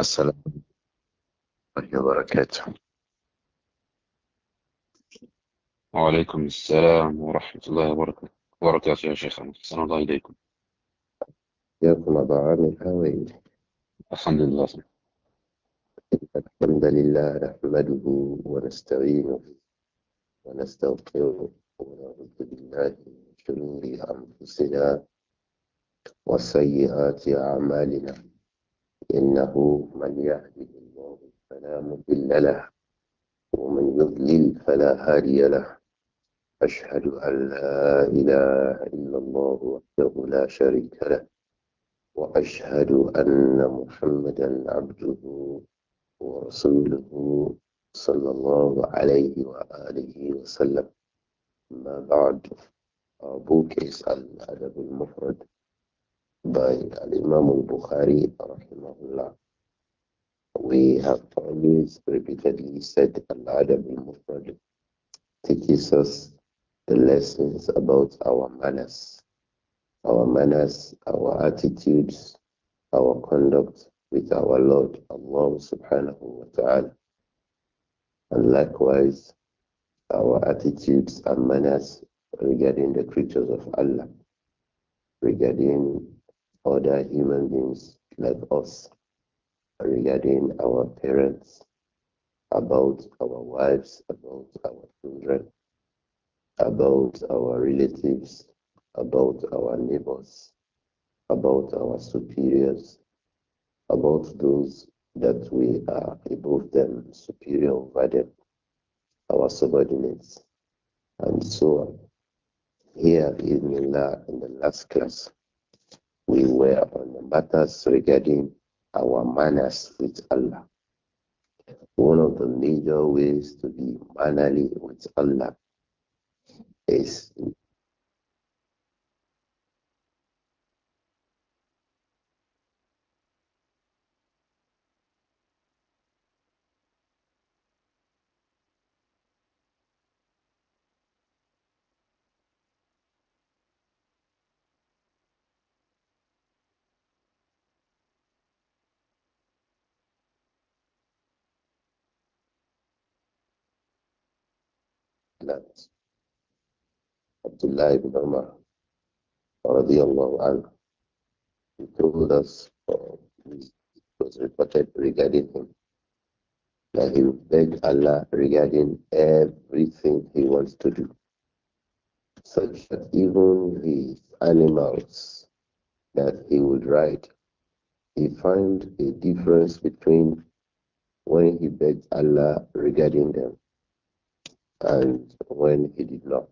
السلام عليكم ورحمة الله وبركاته وعليكم السلام ورحمة الله وبركاته وبركاته يا شيخ أحسن الله إليكم يا أبا عامر هاوي الحمد لله إن الحمد لله نحمده ونستعينه ونستغفره ونعوذ بالله من شرور أنفسنا وسيئات أعمالنا إنه من يهده الله فلا مضل له ومن يضلل فلا هادي له أشهد أن لا إله إلا الله وحده لا شريك له وأشهد أن محمدا عبده ورسوله صلى الله عليه وآله وسلم ما بعد أبوك book الأدب المفرد by Imam al-Bukhari rahimahullah. We have always repeatedly said Al-Adab al-Mufrad teaches us the lessons about our manners, our manners, our attitudes, our conduct with our Lord Allah subhanahu wa ta'ala. And likewise, our attitudes and manners regarding the creatures of Allah, regarding other human beings like us regarding our parents, about our wives, about our children, about our relatives, about our neighbors, about our superiors, about those that we are above them, superior over them, our subordinates, and so on. Here in Mila, in the last class, we were on the matters regarding our manners with Allah. One of the major ways to be mannerly with Allah is that. Abdullah ibn Umar, radiallahu anhu, he told us, it uh, was reported regarding him, that he would beg Allah regarding everything he wants to do, such that even the animals that he would ride, he found a difference between when he begged Allah regarding them and when he did not.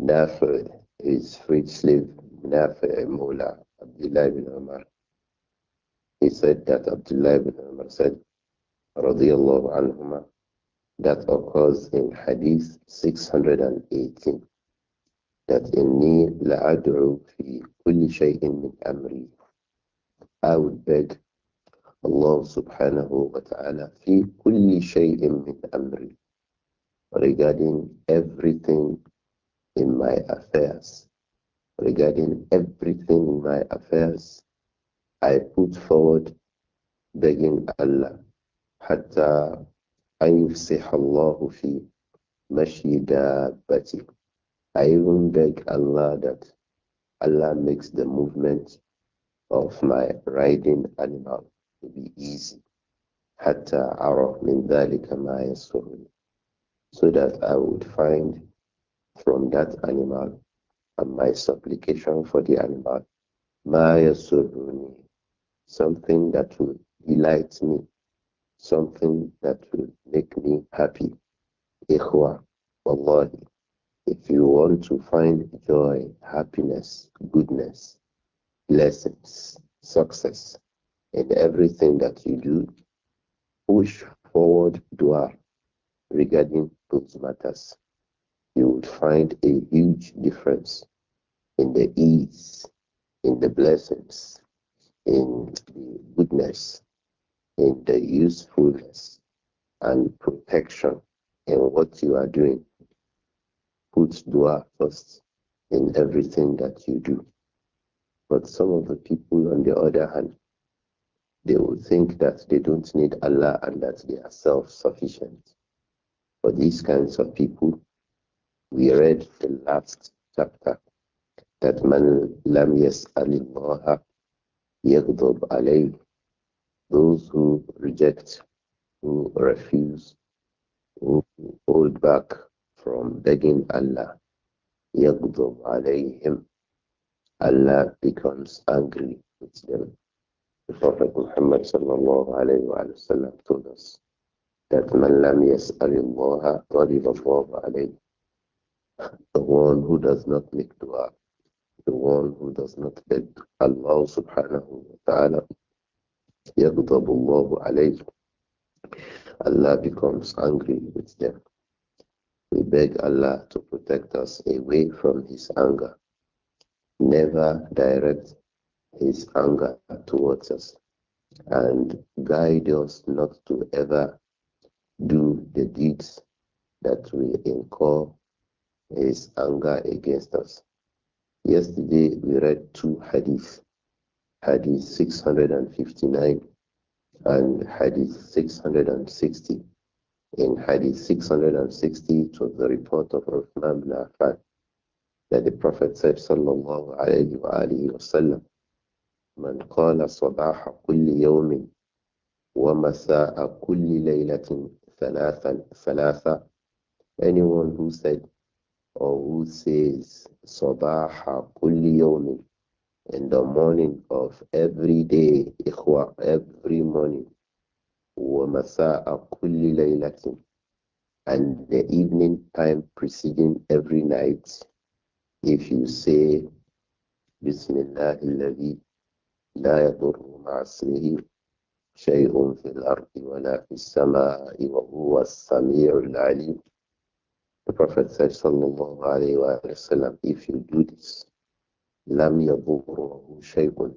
Nafi, his freed slave, Nafi Mola, Abdullah ibn Umar. He said that Abdullah ibn Umar said, radiallahu anhuma, that occurs in Hadith 618, that in inni la'ad'u fi kulli shay'in min amri. I would beg Allah subhanahu wa ta'ala fi kulli shay'in min amri regarding everything in my affairs. Regarding everything in my affairs, I put forward begging Allah حتى أن يفسح الله في مشي دابتي I even beg Allah that Allah makes the movement of my riding animal to be easy حتى أرى من ذلك ما يسرني so that I would find from that animal and my supplication for the animal, Maya Sobuni, something that would delight me, something that would make me happy. Ikhwa, Wallahi, if you want to find joy, happiness, goodness, blessings, success in everything that you do, push forward dua regarding those matters, you would find a huge difference in the ease, in the blessings, in the goodness, in the usefulness and protection in what you are doing. Put dua first in everything that you do. But some of the people, on the other hand, they will think that they don't need Allah and that they are self sufficient for these kinds of people. We read the last chapter that man lam yas'alillaha yaghdab Those who reject, who refuse, who hold back from begging Allah, yagdub alayhim. Allah becomes angry with them. The Prophet Muhammad sallallahu alayhi wa sallam told us that man lam yas'alillaha qadibafahu alayhi. The one who does not make dua, the one who does not beg Allah subhanahu wa ta'ala, yaghdabullahu alayhi. Allah becomes angry with them. We beg Allah to protect us away from His anger. Never direct His anger towards us and guide us not to ever do the deeds that will incur his anger against us. Yesterday we read two hadith, hadith 659 and hadith 660. In hadith 660, it was the report of Uthman bin Affan that the Prophet said, sallallahu alayhi wa alihi wa sallam, من قال صباح كل يوم ومساء كل ليلة thalatha, Anyone who said or who says Sabaha kulli yawmin in the morning of every day, ikhwa, every morning, wa masa'a kulli laylatin and the evening time preceding every night, if you say Bismillah الذي لا يضر مع شيء في الأرض ولا في السماء وهو السميع العليم The Prophet said sallallahu alayhi wa if you do this لم يضره شيء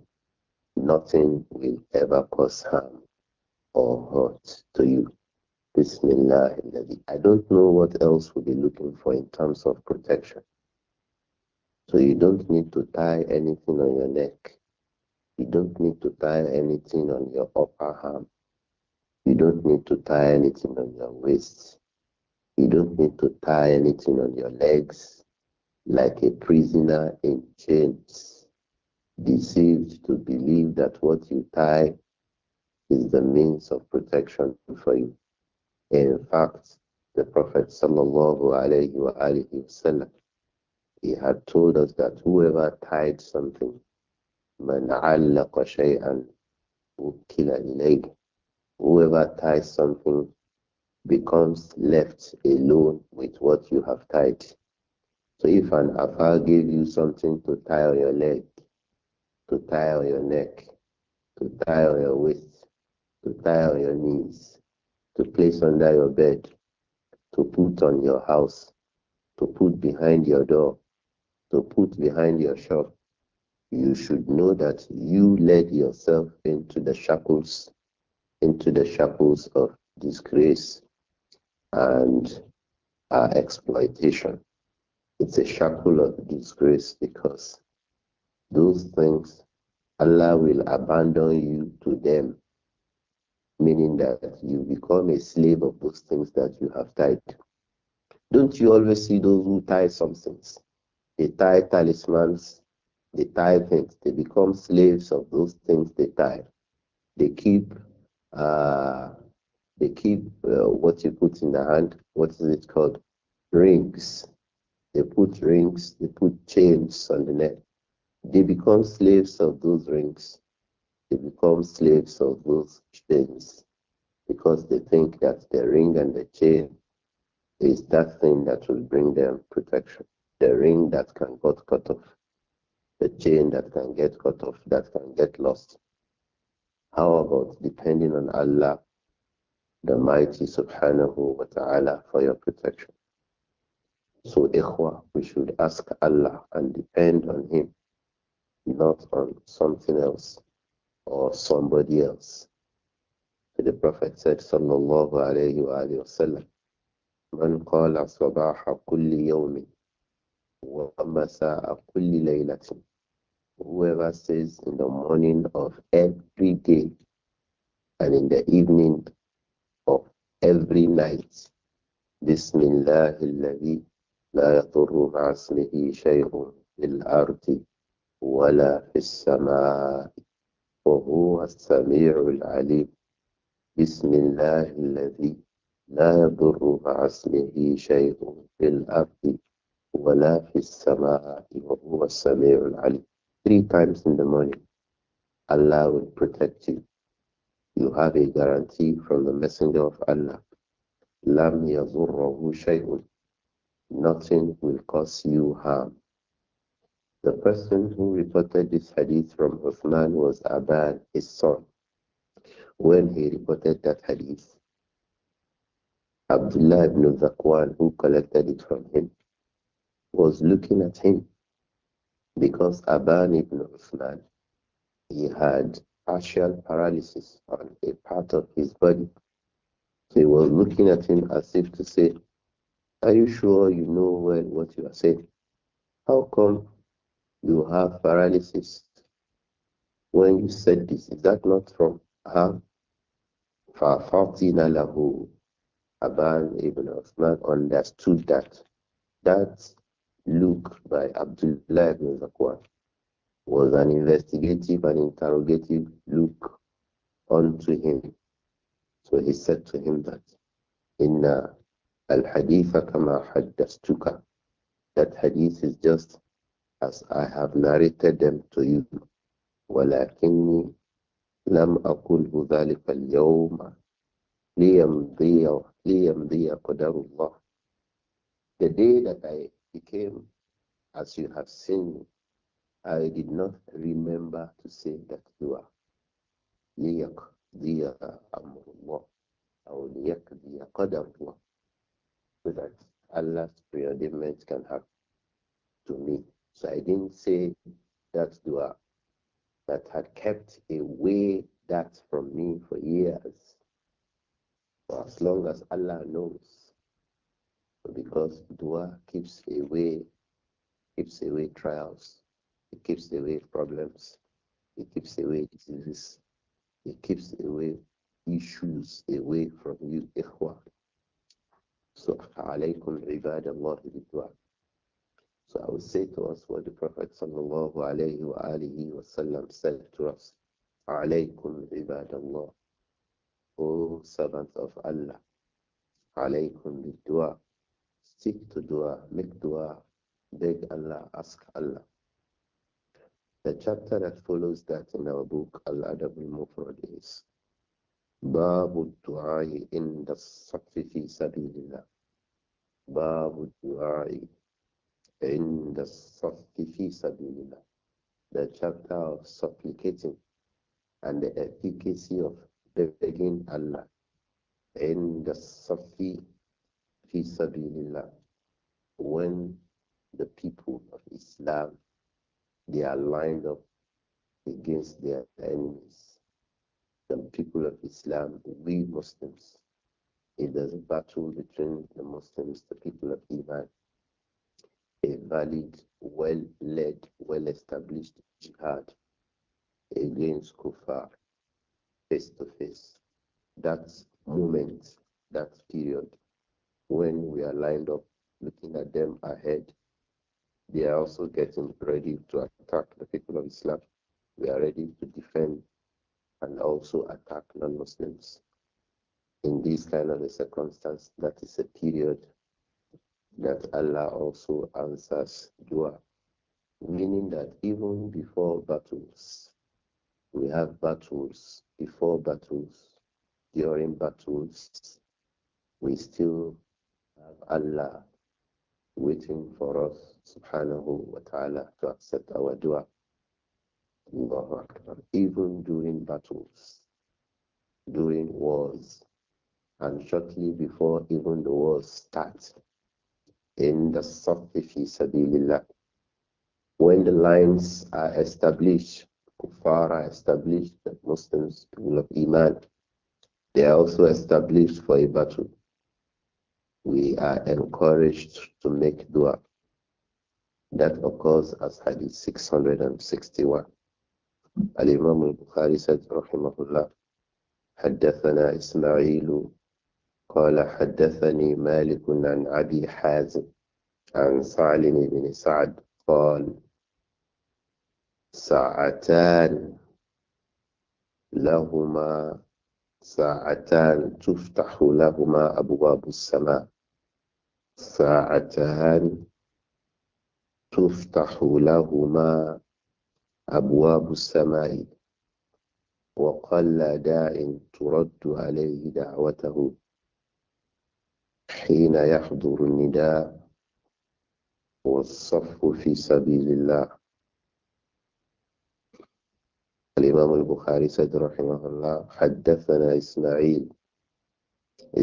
nothing will ever cause harm or hurt to you Bismillah I don't know what else we'll be looking for in terms of protection so you don't need to tie anything on your neck you don't need to tie anything on your upper arm. You don't need to tie anything on your waist. You don't need to tie anything on your legs like a prisoner in chains, deceived to believe that what you tie is the means of protection for you. In fact, the Prophet sallallahu he had told us that whoever tied something Man allaqa shay'an ukila ilayhi. Whoever ties something becomes left alone with what you have tied. So if an afar gave you something to tie on your leg, to tie on your neck, to tie on your waist, to tie on your knees, to place under your bed, to put on your house, to put behind your door, to put behind your shop, you should know that you led yourself into the shackles, into the shackles of disgrace and uh, exploitation. It's a shackle of disgrace because those things Allah will abandon you to them, meaning that you become a slave of those things that you have tied. Don't you always see those who tie some things? They tie talismans, they tie things. They become slaves of those things they tie. They keep, uh, they keep uh, what you put in the hand. What is it called? Rings. They put rings. They put chains on the neck. They become slaves of those rings. They become slaves of those chains because they think that the ring and the chain is that thing that will bring them protection. The ring that can got cut off the chain that can get cut off, that can get lost. How about depending on Allah, the mighty subhanahu wa ta'ala, for your protection? So, ikhwa, we should ask Allah and depend on Him, not on something else or somebody else. The Prophet said, sallallahu alayhi wa sallam, من قال صباح كل Whoever says in the morning of every day and in the evening of every night, Bismillah alladhi la yaturru ma'asmihi shay'un fil ardi wala fis samaa'i wa huwa as-sami'u al-'alim. Bismillah alladhi la yaturru ma'asmihi shay'un fil ardi Three times in the morning, Allah will protect you. You have a guarantee from the Messenger of Allah. Nothing will cause you harm. The person who reported this hadith from Uthman was Aban, his son. When he reported that hadith, Abdullah ibn Zakwan, who collected it from him, was looking at him because Aban ibn Uthman, he had partial paralysis on a part of his body. So he was looking at him as if to say, Are you sure you know well what you are saying? How come you have paralysis when you said this? Is that not from her? Fa'afatina lahu. Aban ibn Uthman understood that. That Luke by Abdullah ibn Zakwan was an investigative and interrogative look unto him. So he said to him that, Inna al haditha kama haddastuka. That hadith is just as I have narrated them to you. ولكني لم أقله ذلك اليوم ليمضي ليمضي قدر الله. The day that I came, as you have seen. I did not remember to say that dua. ليقضي أمر الله أو ليقضي قدر الله so that Allah's preordainment can happen to me. So I didn't say that dua that had kept away that from me for years. For as long as Allah knows, because dua keeps away keeps away trials, it keeps away problems, it keeps away diseases, it keeps away issues away from you, ikhwa. So alaykum ibadallah dua. So I would say to us what the Prophet sallallahu alayhi wa alihi wa sallam said to us, alaykum ibadallah, O servants of Allah, alaykum bidua. Seek to dua, make dua, beg Allah, ask Allah. The chapter that follows that in our book, Al Adab al Mufrad, is Babu Du'ai in the Safi fi Sabilillah. Babu Du'ai in the Safi fi Sabilillah. The chapter of supplicating and the efficacy of begging Allah in the Safi fi sabilillah when the people of Islam they are lined up against their enemies. The people of Islam, we Muslims, in a battle between the Muslims, the people of Iman, a valid, well-led, well-established jihad against Kufar, face to face. That moment, that period, when we are lined up looking at them ahead. They are also getting ready to attack the people of Islam. We are ready to defend and also attack non Muslims. In this kind of a circumstance, that is a period that Allah also answers dua, meaning that even before battles, we have battles, before battles, during battles, we still have Allah waiting for us, subhanahu wa ta'ala, to accept our dua. Even during battles, during wars, and shortly before even the wars start, in the Safifi Sabilillah, when the lines are established, Kuffar are established, the Muslims, people of Iman, they are also established for a battle we are encouraged to make dua. That occurs as Hadith 661. الإمام البخاري سيد رحمه الله حدثنا إسماعيل قال حدثني مالك عن أبي حازم عن سالم بن سعد قال ساعتان لهما ساعتان تفتح لهما أبواب السماء ساعتان تفتح لهما أبواب السماء وقل داع ترد عليه دعوته حين يحضر النداء والصف في سبيل الله الإمام البخاري سيد رحمه الله حدثنا إسماعيل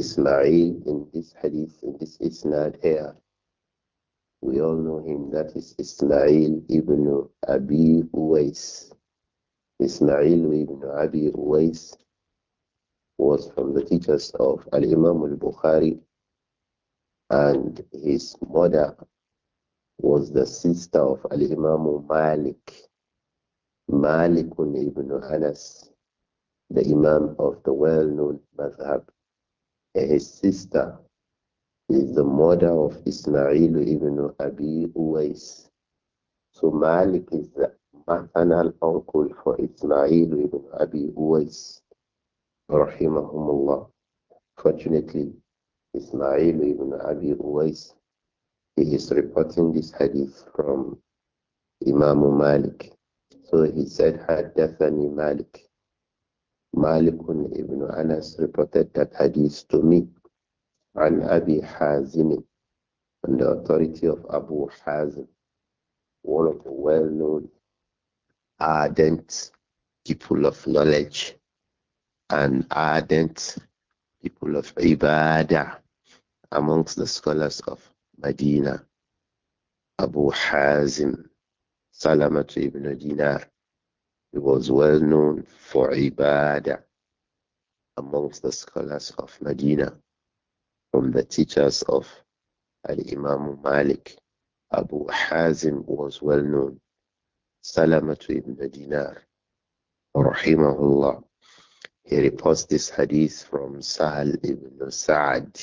Ismail in this hadith, in this isnad here. We all know him, that is Ismail ibn Abi Uwais. Ismail ibn Abi Uwais was from the teachers of Al Imam al Bukhari, and his mother was the sister of Al Imam Malik, Malik ibn Anas, the Imam of the well known madhab. His sister is the mother of Ismail ibn Abi Uwais. So Malik is the maternal uncle for Ismail ibn Abi Uwais. Rahimahumullah. Fortunately, Ismail ibn Abi Uwais, he is reporting this hadith from Imam Malik. So he said, Haddathani Malik. Malikun ibn Anas reported that hadith to me and Abi Hazim on the authority of Abu Hazim, one of the well-known ardent people of knowledge and ardent people of ibadah amongst the scholars of Medina. Abu Hazim, Salamatu ibn Dinar, he was well known for ibadah amongst the scholars of Medina, from the teachers of Al Imam Malik. Abu Hazim was well known. Salamatu ibn Dinar, rahimahullah. He reports this hadith from Sahal ibn Sa'ad,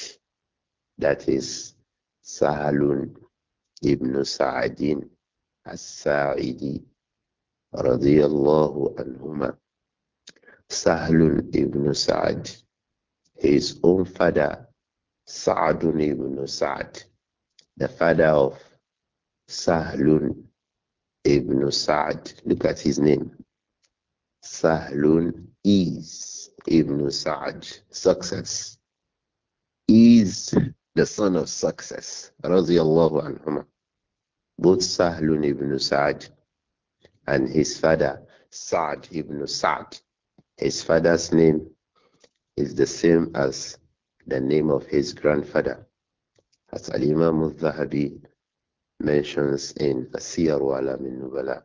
that is Sahalun ibn Sa'adin as-Sa'idi رضي الله عنهما Sahl ibn Sa'ad his own father Sa'ad ibn Sa'ad the father of Sahl ibn Sa'ad look at his name Sahl is ibn Sa'ad success is the son of success رضي الله عنهما both Sahl ibn Sa'ad and his father, Sa'd ibn Sa'd. His father's name is the same as the name of his grandfather, as Al Imam al Zahabi mentions in Asiyar wa Alamin Nubala.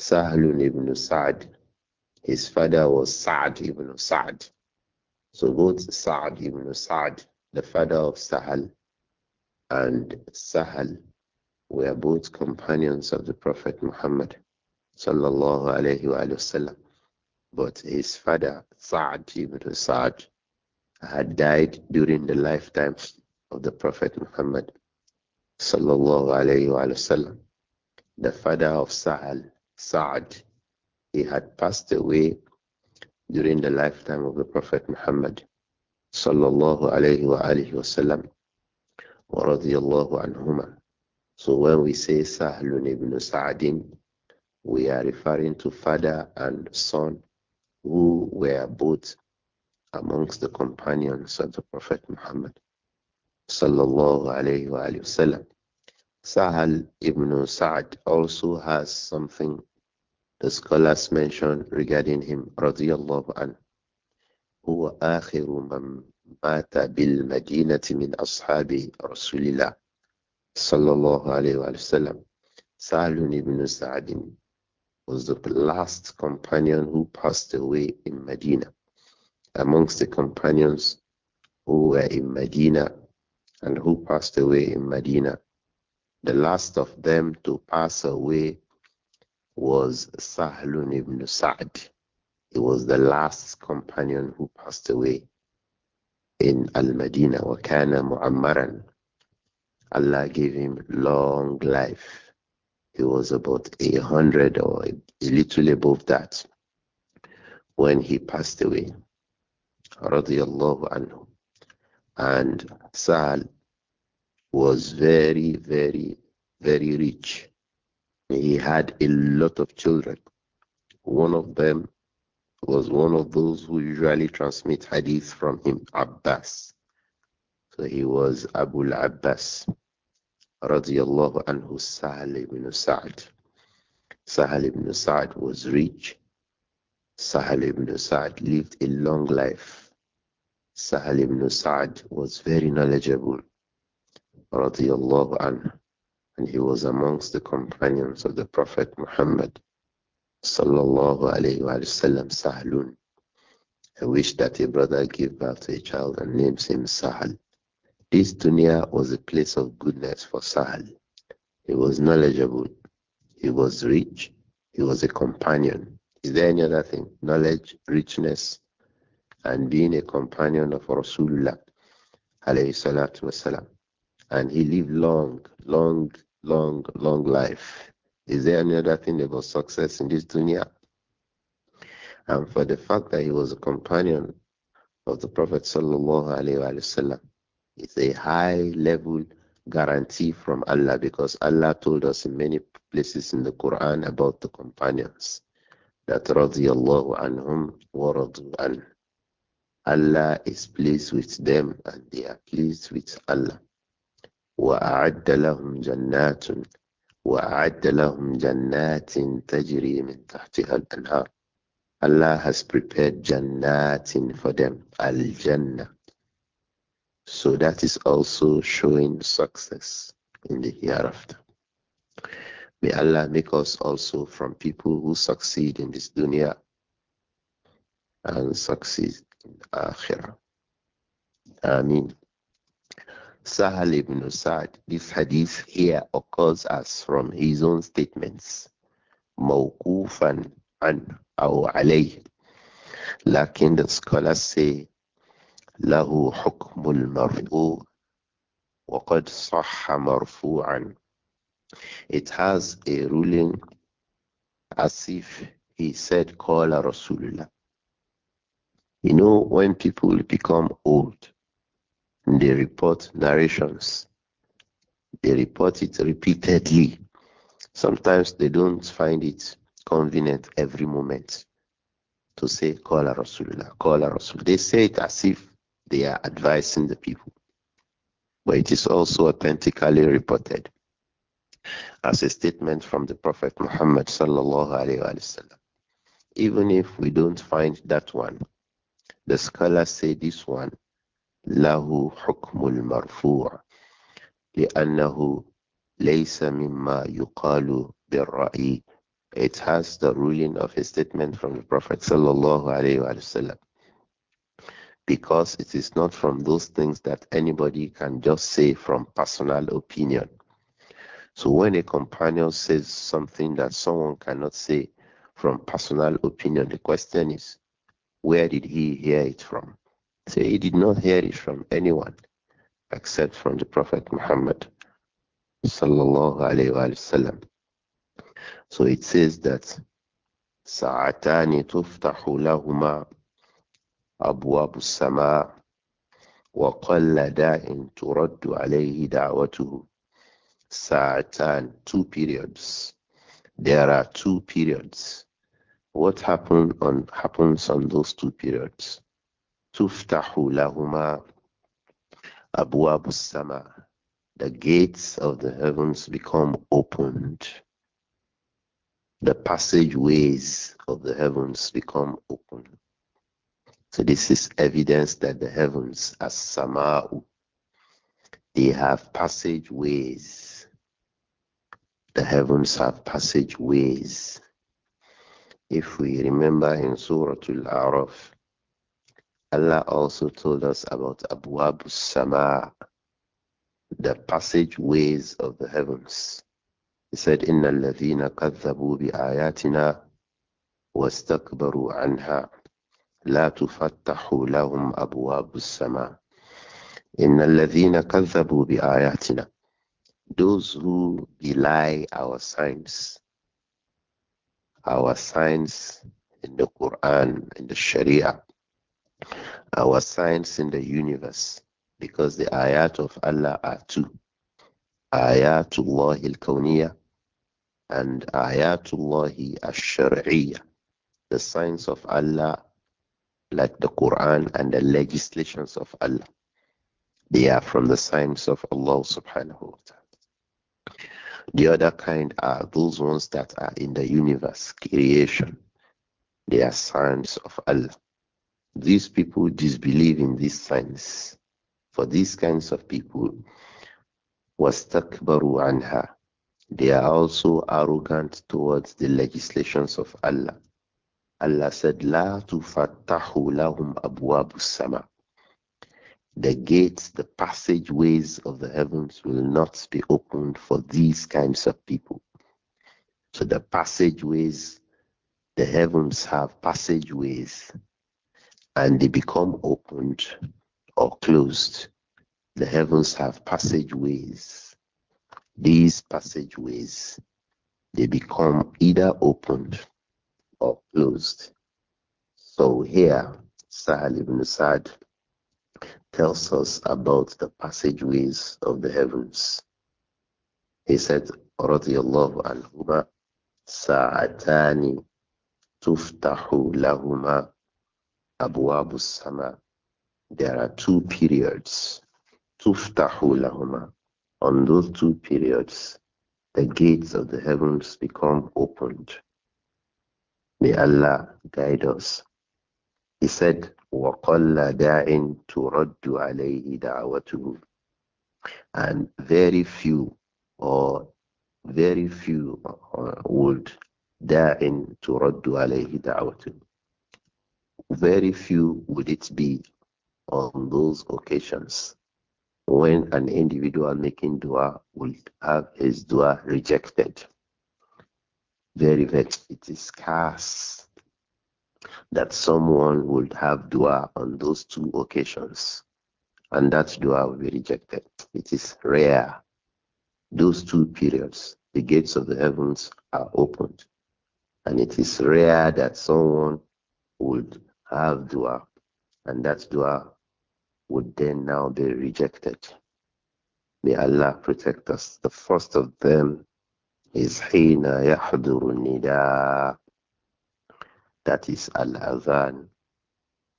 Sahlun ibn Sa'd, his father was Sa'd ibn Sa'd. So both Sa'd ibn Sa'd, the father of Sahal, and Sahal, were both companions of the Prophet Muhammad sallallahu alayhi wa sallam. But his father, Saad ibn Saad had died during the lifetime of the Prophet Muhammad sallallahu alayhi wa sallam. The father of Sa'al, Saad, he had passed away during the lifetime of the Prophet Muhammad sallallahu alayhi wa alihi wa sallam wa radiyallahu anhumah. So when we say Sahlun ibn Sa'din, we are referring to father and son who were both amongst the companions of the Prophet Muhammad sallallahu alayhi wa Sahal ibn Sa'd also has something the scholars mention regarding him radiyallahu anhu. هو آخر من مات بالمدينة من أصحاب رسول الله sallallahu alayhi wa sallam, Salun ibn Sa'adin was the last companion who passed away in Medina. Amongst the companions who were in Medina and who passed away in Medina, the last of them to pass away was Sahlun ibn Sa'd. He was the last companion who passed away in Al Medina, Wakana Mu'ammaran. Allah gave him long life. He was about a hundred or a little above that when he passed away. Radiallahu anhu. And Sal was very, very, very rich. He had a lot of children. One of them was one of those who usually transmit hadith from him, Abbas. So he was Abu Abbas radiallahu anhu, Sahal ibn Sa'd. Sahal ibn Sa'd was rich. Sahal ibn Sa'd lived a long life. Sahal ibn Sa'd was very knowledgeable, radiallahu anhu, and he was amongst the companions of the Prophet Muhammad, sallallahu alayhi wa sallam, I wish that a brother give birth to a child and names him Sahal. This dunya was a place of goodness for Sahal. He was knowledgeable. He was rich. He was a companion. Is there any other thing? Knowledge, richness, and being a companion of Rasulullah alayhi salatu wasalam. And he lived long, long, long, long life. Is there any other thing about success in this dunya? And for the fact that he was a companion of the Prophet sallallahu alayhi wa sallam, it's a high level guarantee from Allah because Allah told us in many places in the Quran about the companions that radiyallahu anhum an. Allah is pleased with them and they are pleased with Allah. وَأَعَدَّ لَهُمْ جَنَّاتٌ وَأَعَدَّ لَهُمْ جَنَّاتٍ تَجْرِي مِنْ تَحْتِهَا الْأَنْهَارُ Allah has prepared jannatin for them, al-jannah so that is also showing success in the hereafter. May Allah make us also from people who succeed in this dunya and succeed in akhirah. Ameen. Sahal ibn Sa'd, this hadith here occurs as from his own statements. موقوفا an aw عليه. Lakin the scholars say له حكم المرفوع وقد صح مرفوعا It has a ruling as if he said Qala Rasulullah. You know when people become old they report narrations they report it repeatedly. Sometimes they don't find it convenient every moment to say, Call a Rasulullah, call a Rasul. They say it as if they are advising the people. But it is also authentically reported as a statement from the Prophet Muhammad sallallahu wasallam. Even if we don't find that one, the scholars say this one, lahu hukmul marfu' لأنه ليس مما يقال بالرأي. It has the ruling of a statement from the Prophet sallallahu alaihi wasallam because it is not from those things that anybody can just say from personal opinion. So when a companion says something that someone cannot say from personal opinion, the question is, where did he hear it from? So he did not hear it from anyone except from the Prophet Muhammad sallallahu So it says that ساعتان تفتح لهما أبواب السماء وقل داء ترد عليه دعوته ساعتان two periods there are two periods what happened on happens on those two periods تفتح لهما أبواب السماء the gates of the heavens become opened the passageways of the heavens become opened so this is evidence that the heavens are somehow they have passageways. The heavens have passageways. If we remember in Surah Al-A'raf, Allah also told us about abu abu Sama, the passageways of the heavens. He said, إِنَّ الَّذِينَ كَذَّبُوا بِآيَاتِنَا وَاسْتَكْبَرُوا عَنْهَا لا تفتح لهم أبواب السماء إن الذين كذبوا بآياتنا those who belie our signs our signs in the Quran in the Sharia our signs in the universe because the ayat of Allah are two ayatullah al-kawniyah and ayatullah al-shar'iyyah the signs of Allah like the Quran and the legislations of Allah. They are from the signs of Allah subhanahu wa ta'ala. The other kind are those ones that are in the universe, creation. They are signs of Allah. These people disbelieve in these signs. For these kinds of people, wastakbaru anha. They are also arrogant towards the legislations of Allah Allah said, La tufattahu lahum abwabu sama. The gates, the passageways of the heavens will not be opened for these kinds of people. So the passageways, the heavens have passageways and they become opened or closed. The heavens have passageways. These passageways, they become either opened or closed. So here, Sahal ibn Sa'd tells us about the passageways of the heavens. He said, radiyallahu anhuma, sa'atani tuftahu lahuma abu sama. There are two periods. Tuftahu lahuma. On those two periods, the gates of the heavens become opened. May Allah guide us. He said, وَقَلَّ دَاعٍ تُرَدُّ عَلَيْهِ دَعْوَتُهُ And very few or very few uh, would da'in تُرَدُّ عَلَيْهِ da'watu. Very few would it be on those occasions when an individual making dua will have his dua rejected very very, It is scarce that someone would have dua on those two occasions, and that dua will be rejected. It is rare. Those two periods, the gates of the heavens are opened, and it is rare that someone would have dua, and that dua would then now be rejected. May Allah protect us. The first of them is hina يحضر النداء that is al-azan.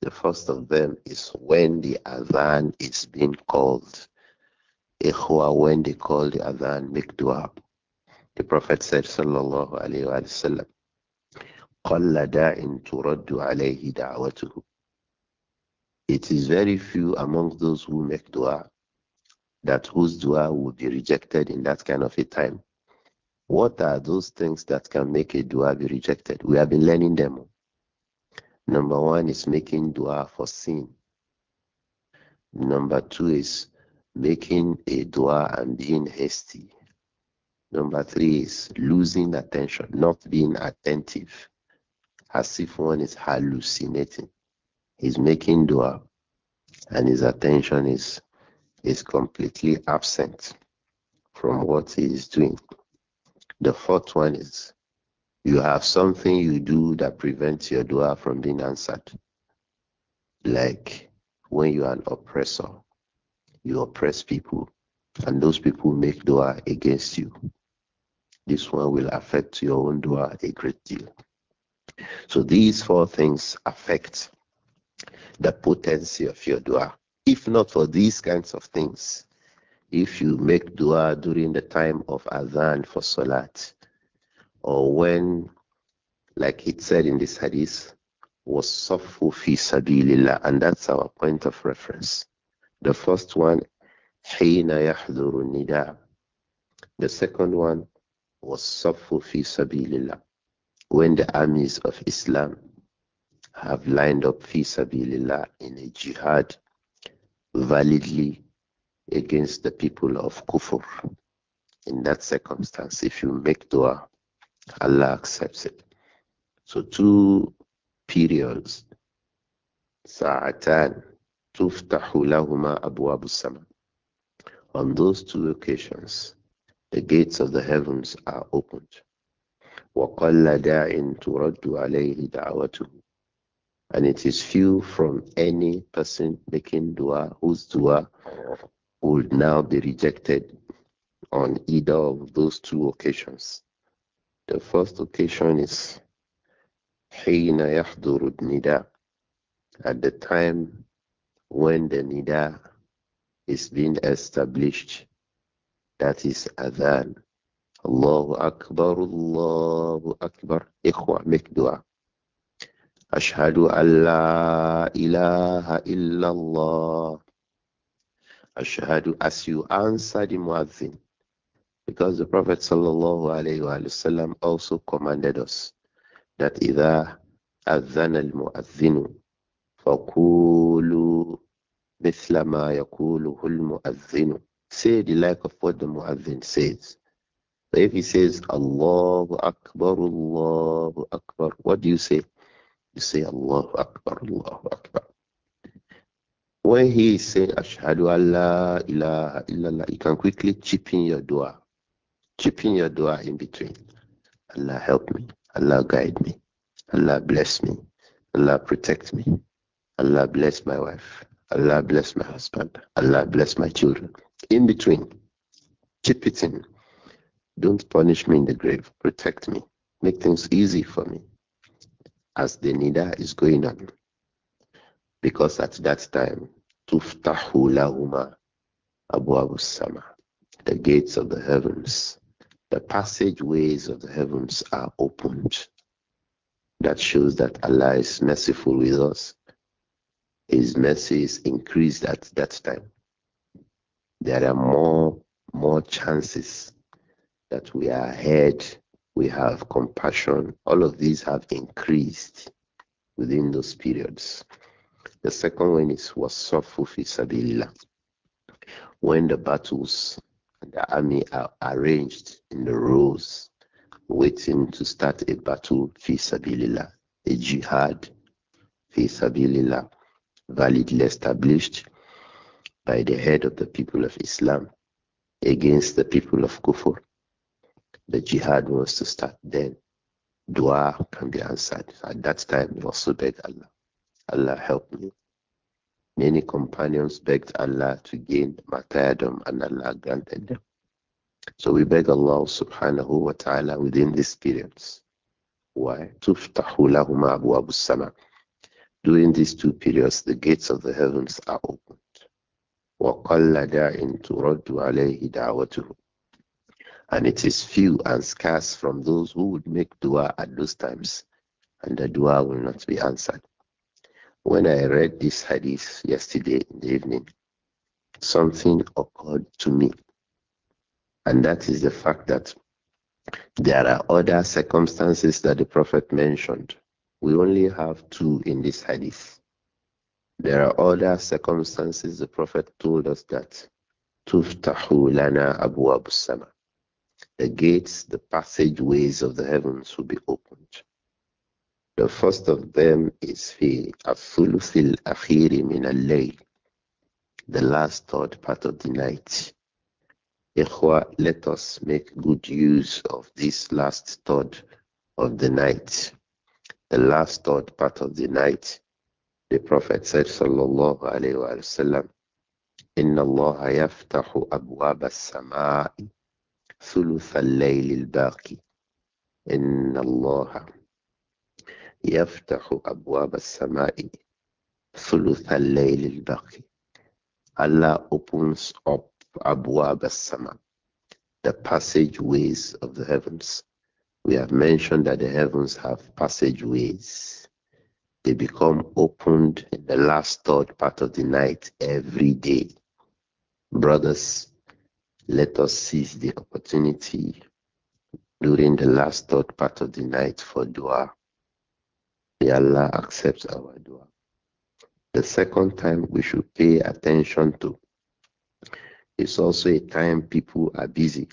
the first of them is when the azan is being called ikhwa when they call the azan, make dua the prophet said sallallahu alaihi wasallam in داء ترد عليه it is very few among those who make dua that whose dua will be rejected in that kind of a time what are those things that can make a dua be rejected? We have been learning them. Number one is making dua for sin. Number two is making a dua and being hasty. Number three is losing attention, not being attentive, as if one is hallucinating. He's making dua and his attention is is completely absent from what he is doing. The fourth one is you have something you do that prevents your dua from being answered. Like when you are an oppressor, you oppress people, and those people make dua against you. This one will affect your own dua a great deal. So these four things affect the potency of your dua. If not for these kinds of things, if you make dua during the time of adhan for salat or when like it said in this hadith was safu fi sabilillah and that's our point of reference the first one hina yahduru nida the second one was safu fi sabilillah when the armies of islam have lined up fi sabilillah in a jihad validly against the people of kufr, In that circumstance, if you make dua, Allah accepts it. So two periods, sa'atan, tuftahu lahuma Abu sama. On those two occasions, the gates of the heavens are opened. وَقَلَّ دَاعٍ تُرَدُّ عَلَيْهِ دَعْوَتُهُ And it is few from any person making dua whose dua would now be rejected on either of those two occasions. The first occasion is حين يحضر النداء at the time when the nida is being established that is adhan Allahu akbar Allahu akbar ikhwa make dua ashhadu an la ilaha illallah as you answer the Muazzin. Because the Prophet وسلم, also commanded us that إذا أذن المؤذن فقولوا مثل ما يقوله المؤذن Say the like of what the Muazzin says. So if he says Allahu Akbar, Allahu Akbar, what do you say? You say Allahu Akbar, Allahu Akbar. When he say Ashhadu Allah ilaha illallah, you can quickly chip in your dua. Chip in your dua in between. Allah help me. Allah guide me. Allah bless me. Allah protect me. Allah bless my wife. Allah bless my husband. Allah bless my children. In between, chip it in. Don't punish me in the grave. Protect me. Make things easy for me as the nida is going on. Because at that time, tuftahu lahuma abu abu sama. The gates of the heavens, the passageways of the heavens are opened. That shows that Allah is merciful with us. His mercy is increased at that time. There are more, more chances that we are ahead, we have compassion. All of these have increased within those periods. The second one is wasafu fi sabilillah. When the battles and the army are arranged in the rows, waiting to start a battle fi sabilillah, a jihad fi sabilillah, validly established by the head of the people of Islam against the people of Kufur. The jihad was to start then. Dua can be answered. At that time, it was so Allah. Allah help you. Many companions begged Allah to gain martyrdom and Allah granted them. So we beg Allah subhanahu wa ta'ala within these periods. Why? During these two periods, the gates of the heavens are opened. وَقَلَّ دَاعٍ تُرَدُّ عَلَيْهِ دَعْوَتُهُ And it is few and scarce from those who would make dua at those times, and the dua will not be answered. When I read this hadith yesterday in the evening, something occurred to me. And that is the fact that there are other circumstances that the Prophet mentioned. We only have two in this hadith. There are other circumstances the Prophet told us that Tuftahu lana abu abu sama. The gates, the passageways of the heavens will be opened. The first of them is fi afulusil akhiri min al the last third part of the night. Ikhwa, let us make good use of this last third of the night. The last third part of the night, the Prophet said, Sallallahu Alaihi Wasallam, Inna Allah yaftahu abwab as-sama'i thuluth al-layl al-baqi. Inna Allah يفتح أبواب السماء ثلث الليل الباقي Allah opens up Abwab as the passageways of the heavens. We have mentioned that the heavens have passageways. They become opened in the last third part of the night every day. Brothers, let us seize the opportunity during the last third part of the night for dua. May Allah accepts our dua. The second time we should pay attention to is also a time people are busy.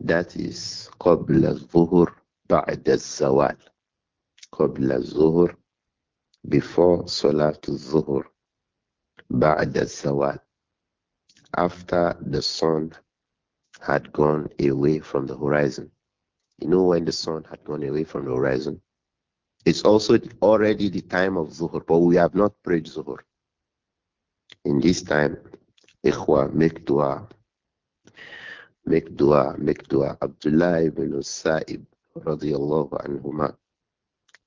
That is قبل الظهر بعد الزوال. قبل الظهر before صلاة الظهر بعد الزوال after the sun had gone away from the horizon. You know when the sun had gone away from the horizon? It's also already the time of Zuhr, but we have not prayed Zuhr. In this time, Ikhwa, make dua. Make dua, make dua. Abdullah ibn Sa'ib, radiallahu anhuma,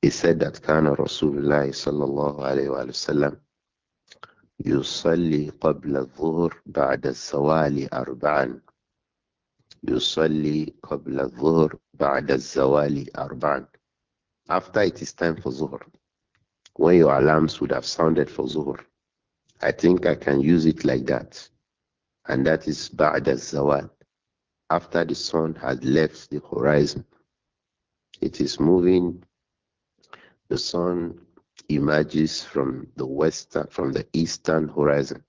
he said that Kana Rasulullah sallallahu alayhi wa sallam يصلي قبل الظهر بعد الزوال أربعا يصلي قبل الظهر بعد الزوال أربعا after it is time for Zuhr, when your alarms would have sounded for Zuhr. I think I can use it like that. And that is Ba'da Zawal. After the sun has left the horizon, it is moving. The sun emerges from the western, from the eastern horizon,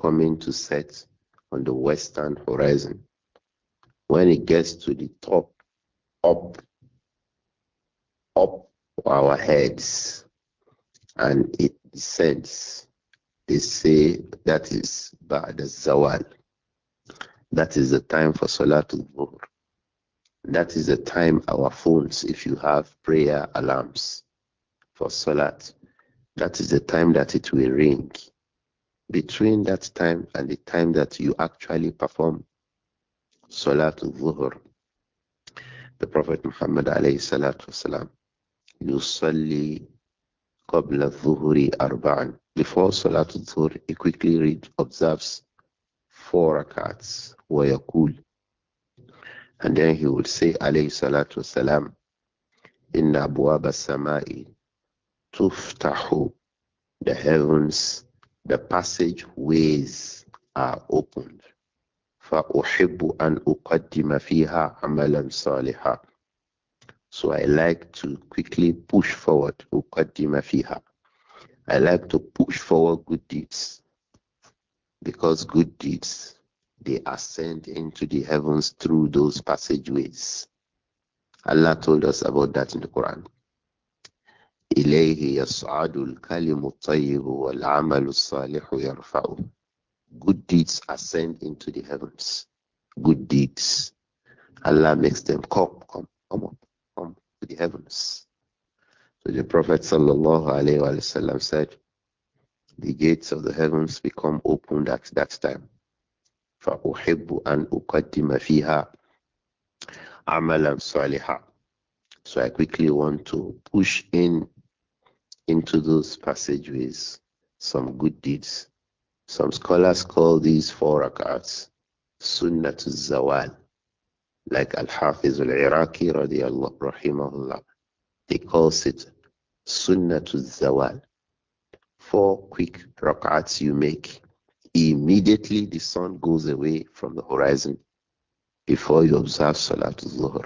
coming to set on the western horizon. When it gets to the top, up up our heads and it descends. They say that bad Zawal. That is the time for Salatul Dhuhr. That is the time our phones, if you have prayer alarms for Salat, that is the time that it will ring. Between that time and the time that you actually perform Salatul Dhuhr, the Prophet Muhammad alayhi salatu wasalam, Yusalli Qabla Dhuhri Arba'an. Before Salatul Dhuhr, he quickly read, observes four rakats, wa yakul. And then he would say, alayhi salatu salam, inna abwaba samai tuftahu. The heavens, the passageways are opened. فأحب أن أقدم فيها عملا صالحا so I like to quickly push forward. I like to push forward good deeds because good deeds they ascend into the heavens through those passageways. Allah told us about that in the Quran. إليه يصعد الكلم الطيب والعمل الصالح Good deeds ascend into the heavens. Good deeds. Allah makes them come, come, come up to the heavens. So the Prophet وسلم, said, The gates of the heavens become opened at that time. فأحب أن أقدم فيها عملا صالحا. So I quickly want to push in into those passageways some good deeds. Some scholars call these four rakats sunnah to zawal like Al-Hafiz al-Iraqi rahimahullah. They calls it Sunnah to Zawal. Four quick rak'ats you make. Immediately the sun goes away from the horizon before you observe Salatul Zuhr.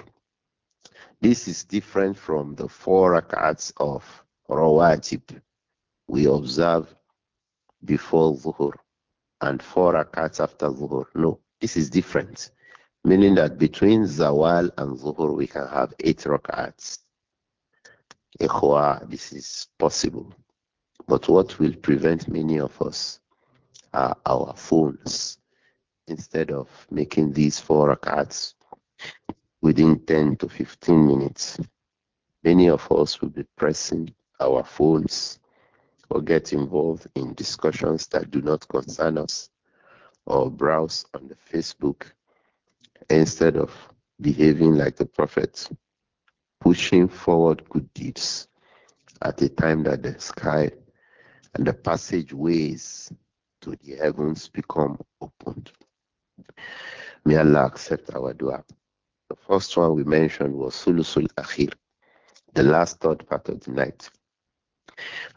This is different from the four rak'ats of Rawatib we observe before Zuhr and four rak'ats after Zuhr. No, this is different meaning that between Zawal and Zuhur we can have eight rak'ats. Ikhwa, this is possible. But what will prevent many of us are our phones. Instead of making these four rak'ats within 10 to 15 minutes, many of us will be pressing our phones or get involved in discussions that do not concern us or browse on the Facebook instead of behaving like the prophets, pushing forward good deeds at a time that the sky and the passageways to the heavens become opened. May Allah accept our dua. The first one we mentioned was Sulusul Akhir, the last third part of the night.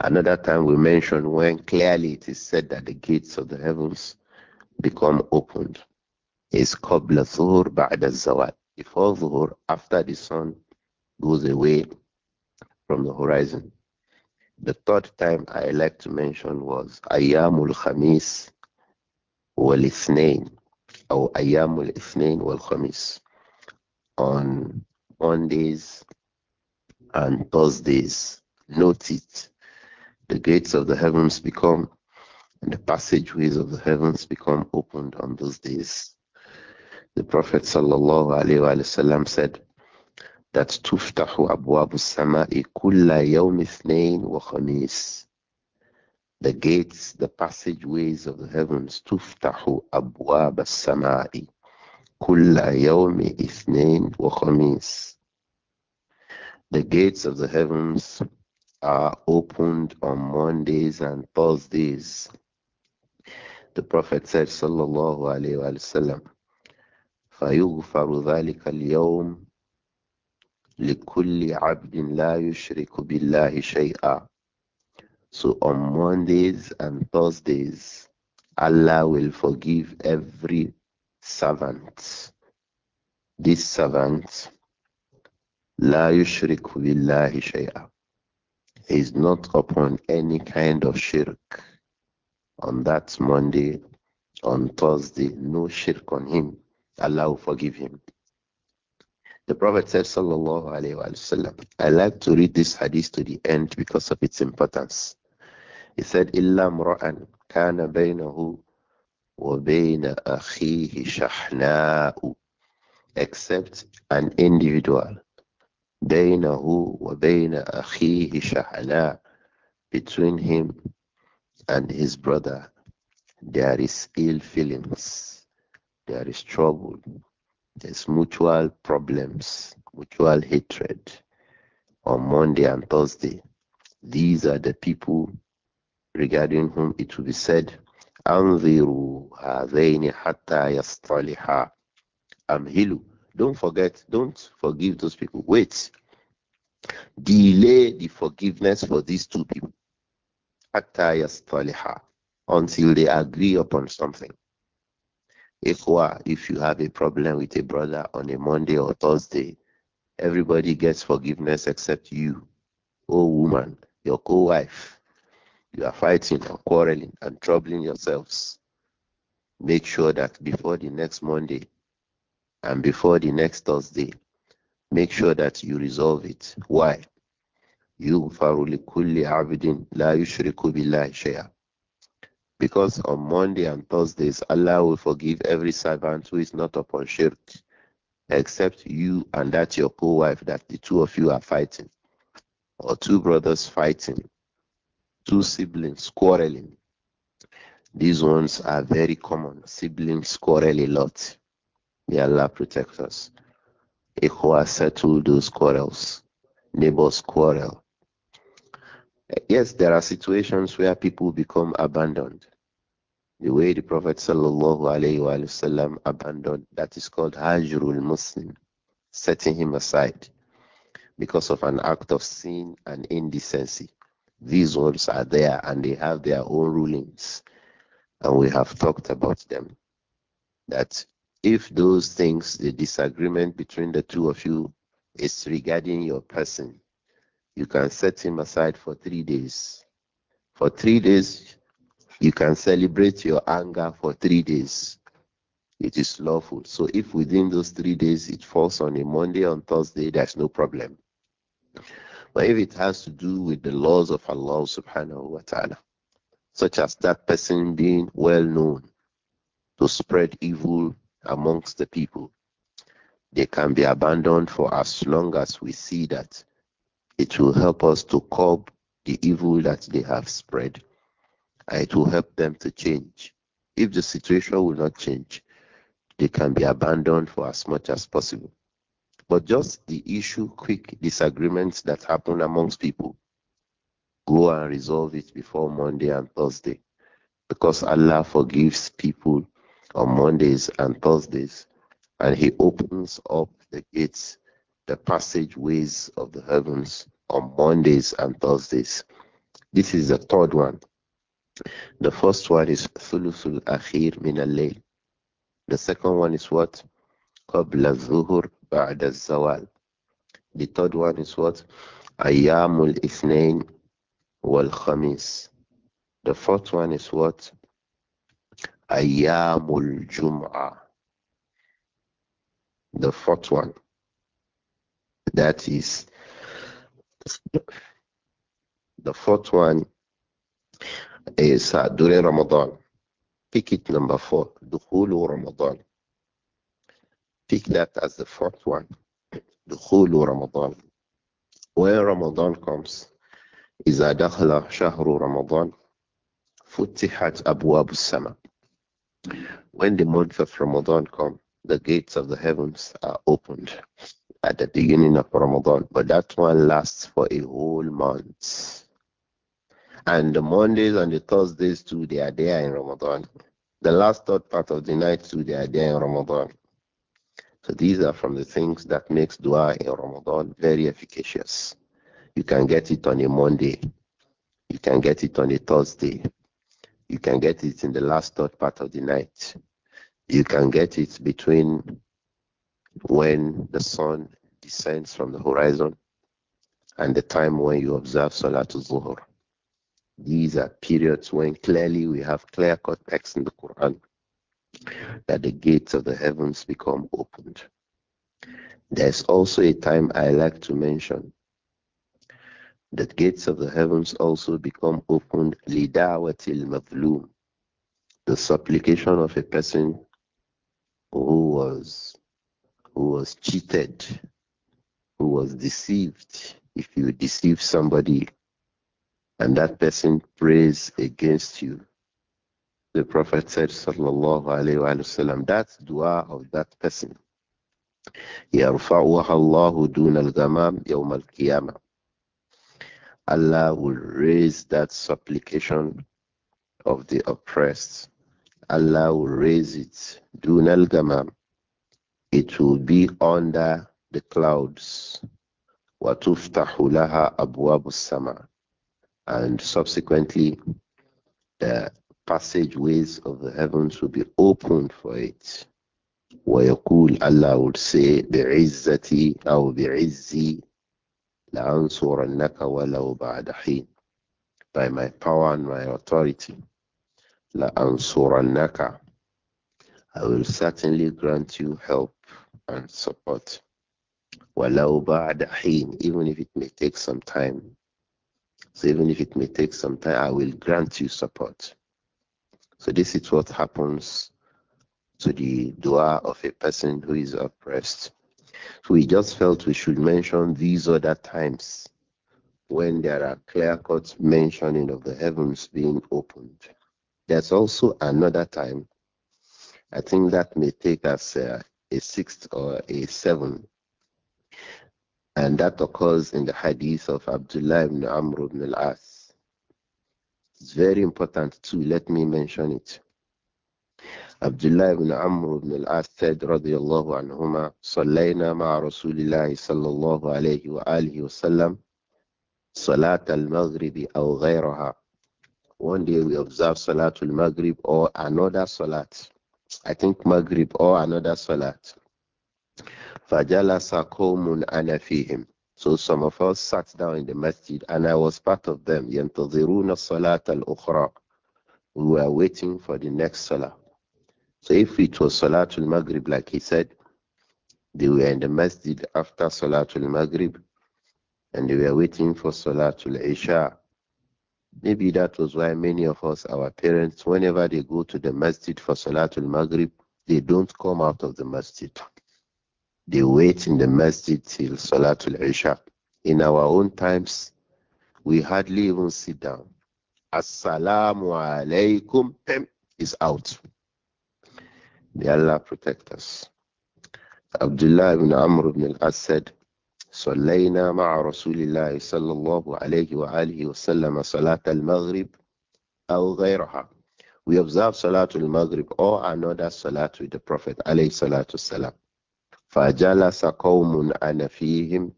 Another time we mentioned when clearly it is said that the gates of the heavens become opened is qabla zuhur بعد zawad. Before zuhur, after the sun goes away from the horizon. The third time I like to mention was Ayamul Khamis wal Ithnain or Ayamul Ithnain wal Khamis on Mondays and Thursdays. Note it. The gates of the heavens become and the passageways of the heavens become opened on those days. The Prophet وسلم, said that tuftahu abwabu sama'i kulla yawm wa The gates, the passageways of the heavens, tuftahu Abu sama'i kulla yawm wa khamis. The gates of the heavens are opened on Mondays and Thursdays. The Prophet said, Sallallahu Alaihi Wasallam, فيغفر ذلك اليوم لكل عبد لا يشرك بالله شيئا So on Mondays and Thursdays, Allah will forgive every servant. This servant, لا يشرك بالله شيئا is not upon any kind of shirk. On that Monday, on Thursday, no shirk on him. Allah will forgive him. The Prophet said, Sallallahu Alaihi Wasallam, I like to read this hadith to the end because of its importance. He said, إِلَّا مْرَأً كَانَ بَيْنَهُ وَبَيْنَ أَخِيهِ shahna'u." Except an individual. بَيْنَهُ وَبَيْنَ أَخِيهِ شَحْنَاءُ Between him and his brother, there is ill feelings there is trouble, there's mutual problems, mutual hatred on Monday and Thursday. These are the people regarding whom it will be said, Anziru hadaini hatta yastaliha amhilu. Don't forget, don't forgive those people. Wait. Delay the forgiveness for these two people. Hatta yastaliha. Until they agree upon something. Ikhwa, if you have a problem with a brother on a Monday or Thursday, everybody gets forgiveness except you. Oh, woman, your co wife. You are fighting and quarreling and troubling yourselves. Make sure that before the next Monday and before the next Thursday, make sure that you resolve it. Why? You لكل عبد la yushriku بالله share. Because on Monday and Thursdays, Allah will forgive every servant who is not upon shirk, except you and that your co wife that the two of you are fighting, or two brothers fighting, two siblings quarreling. These ones are very common. Siblings quarrel a lot. May Allah protect us. Ikhwa settle those quarrels. Neighbors quarrel. Yes, there are situations where people become abandoned. The way the Prophet wasallam abandoned, that is called Hajrul Muslim, setting him aside because of an act of sin and indecency. These rules are there and they have their own rulings. And we have talked about them. That if those things, the disagreement between the two of you, is regarding your person, you can set him aside for three days. For three days, you can celebrate your anger for three days. It is lawful. So if within those three days it falls on a Monday, on Thursday, there's no problem. But if it has to do with the laws of Allah subhanahu wa ta'ala, such as that person being well known to spread evil amongst the people, they can be abandoned for as long as we see that it will help us to curb the evil that they have spread. And it will help them to change. If the situation will not change, they can be abandoned for as much as possible. But just the issue, quick disagreements that happen amongst people, go and resolve it before Monday and Thursday. Because Allah forgives people on Mondays and Thursdays, and He opens up the gates the passageways of the heavens on Mondays and Thursdays. This is the third one. The first one is Thulusul Akhir min al The second one is what? Qabla Zuhur Ba'd Zawal. The third one is what? Ayamul Ithnain Wal Khamis. The fourth one is what? Ayamul Jum'ah. The fourth one. That is the fourth one is uh, during Ramadan. Pick it number four, Dukhulu Ramadan. Pick that as the fourth one, Dukhulu Ramadan. When Ramadan comes, إذا دخل شهر رمضان فتحت أبواب السماء. When the month of Ramadan comes, the gates of the heavens are opened at the beginning of Ramadan, but that one lasts for a whole month. And the Mondays and the Thursdays too, they are there in Ramadan. The last third part of the night too, they are there in Ramadan. So these are from the things that makes dua in Ramadan very efficacious. You can get it on a Monday. You can get it on a Thursday. You can get it in the last third part of the night. You can get it between when the sun descends from the horizon and the time when you observe Salatul Zuhur. These are periods when clearly we have clear cut texts in the Quran that the gates of the heavens become opened. There's also a time I like to mention that gates of the heavens also become opened lidawatil mavlum, the supplication of a person who was who was cheated, who was deceived. If you deceive somebody and that person prays against you, the Prophet said, Sallallahu Alaihi Wasallam, that's dua of that person. يرفعها الله دون الغمام يوم القيامة. Allah will raise that supplication of the oppressed. Allah will raise it. Al الغمام it will be under the clouds. وَتُفْتَحُ abu abu Sama, And subsequently, the passageways of the heavens will be opened for it. ويقول Allah would say بعزتي أو بعزي لأنصرنك ولو بعد حين by my power and my authority لأنصرنك I will certainly grant you help and support. Walau ba'dahin, even if it may take some time. So even if it may take some time, I will grant you support. So this is what happens to the dua of a person who is oppressed. So we just felt we should mention these other times when there are clear cut mentioning of the heavens being opened. There's also another time. I think that may take us uh, a sixth or a seventh. And that occurs in the hadith of Abdullah ibn Amr ibn al-As. It's very important too, let me mention it. Abdullah ibn Amr ibn al-As said, radiyallahu anhuma, صلينا ma Rasulillahi sallallahu صلى wa عليه وآله وسلم صلاة المغرب أو غيرها. One day we observe salat al Maghrib or another Salat. I think Maghrib or another Salat. فَجَلَسَ قَوْمٌ أَنَا So some of us sat down in the masjid and I was part of them. يَنْتَظِرُونَ الصَّلَاةَ الْأُخْرَى We were waiting for the next Salah. So if it was al Maghrib, like he said, they were in the masjid after al Maghrib and they were waiting for al Isha. Maybe that was why many of us, our parents, whenever they go to the masjid for Salatul Maghrib, they don't come out of the masjid. They wait in the masjid till Salatul Isha. In our own times, we hardly even sit down. Assalamu alaikum is out. May Allah protect us. Abdullah ibn Amr ibn al-As said, صلينا مع رسول الله صلى الله عليه وآله وسلم صلاة المغرب أو غيرها we observe Salatul Maghrib or another Salat with the Prophet alayhi salatu salam. فَجَلَسَ قَوْمٌ أَنَا فِيهِمْ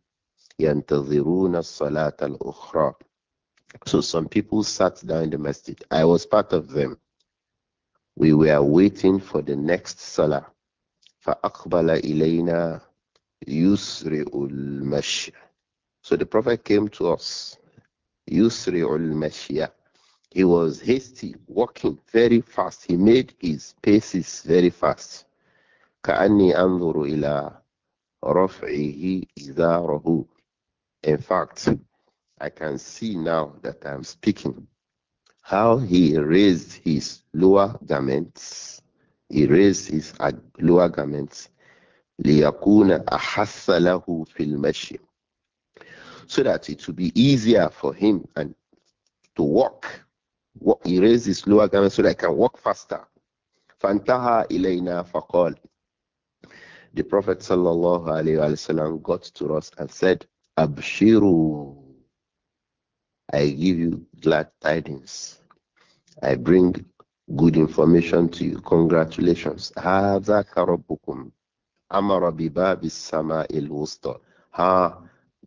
يَنْتَظِرُونَ الصَّلَاةَ الْأُخْرَى So some people sat down in the masjid. I was part of them. We were waiting for the next Salah. فَأَقْبَلَ إِلَيْنَا Yusri'ul Mashya. So the Prophet came to us. Yusri'ul Mashya. He was hasty, walking very fast. He made his paces very fast. كأني أنظر ila رفعه إزاره. In fact, I can see now that I'm speaking how he raised his lower garments. He raised his lower garments لِيَكُونَ لَهُ فِي الْمَشْيِ So that it will be easier for him and to walk. He raised his lower garment so that he can walk faster. فَانْتَهَا إِلَيْنَا فَقَالَ The Prophet sallallahu alayhi wasallam got to us and said, Abshiru, I give you glad tidings. I bring good information to you. Congratulations. هَذَا كَرَبُّكُمْ Amara bibab is-sama'il wusta. Ha,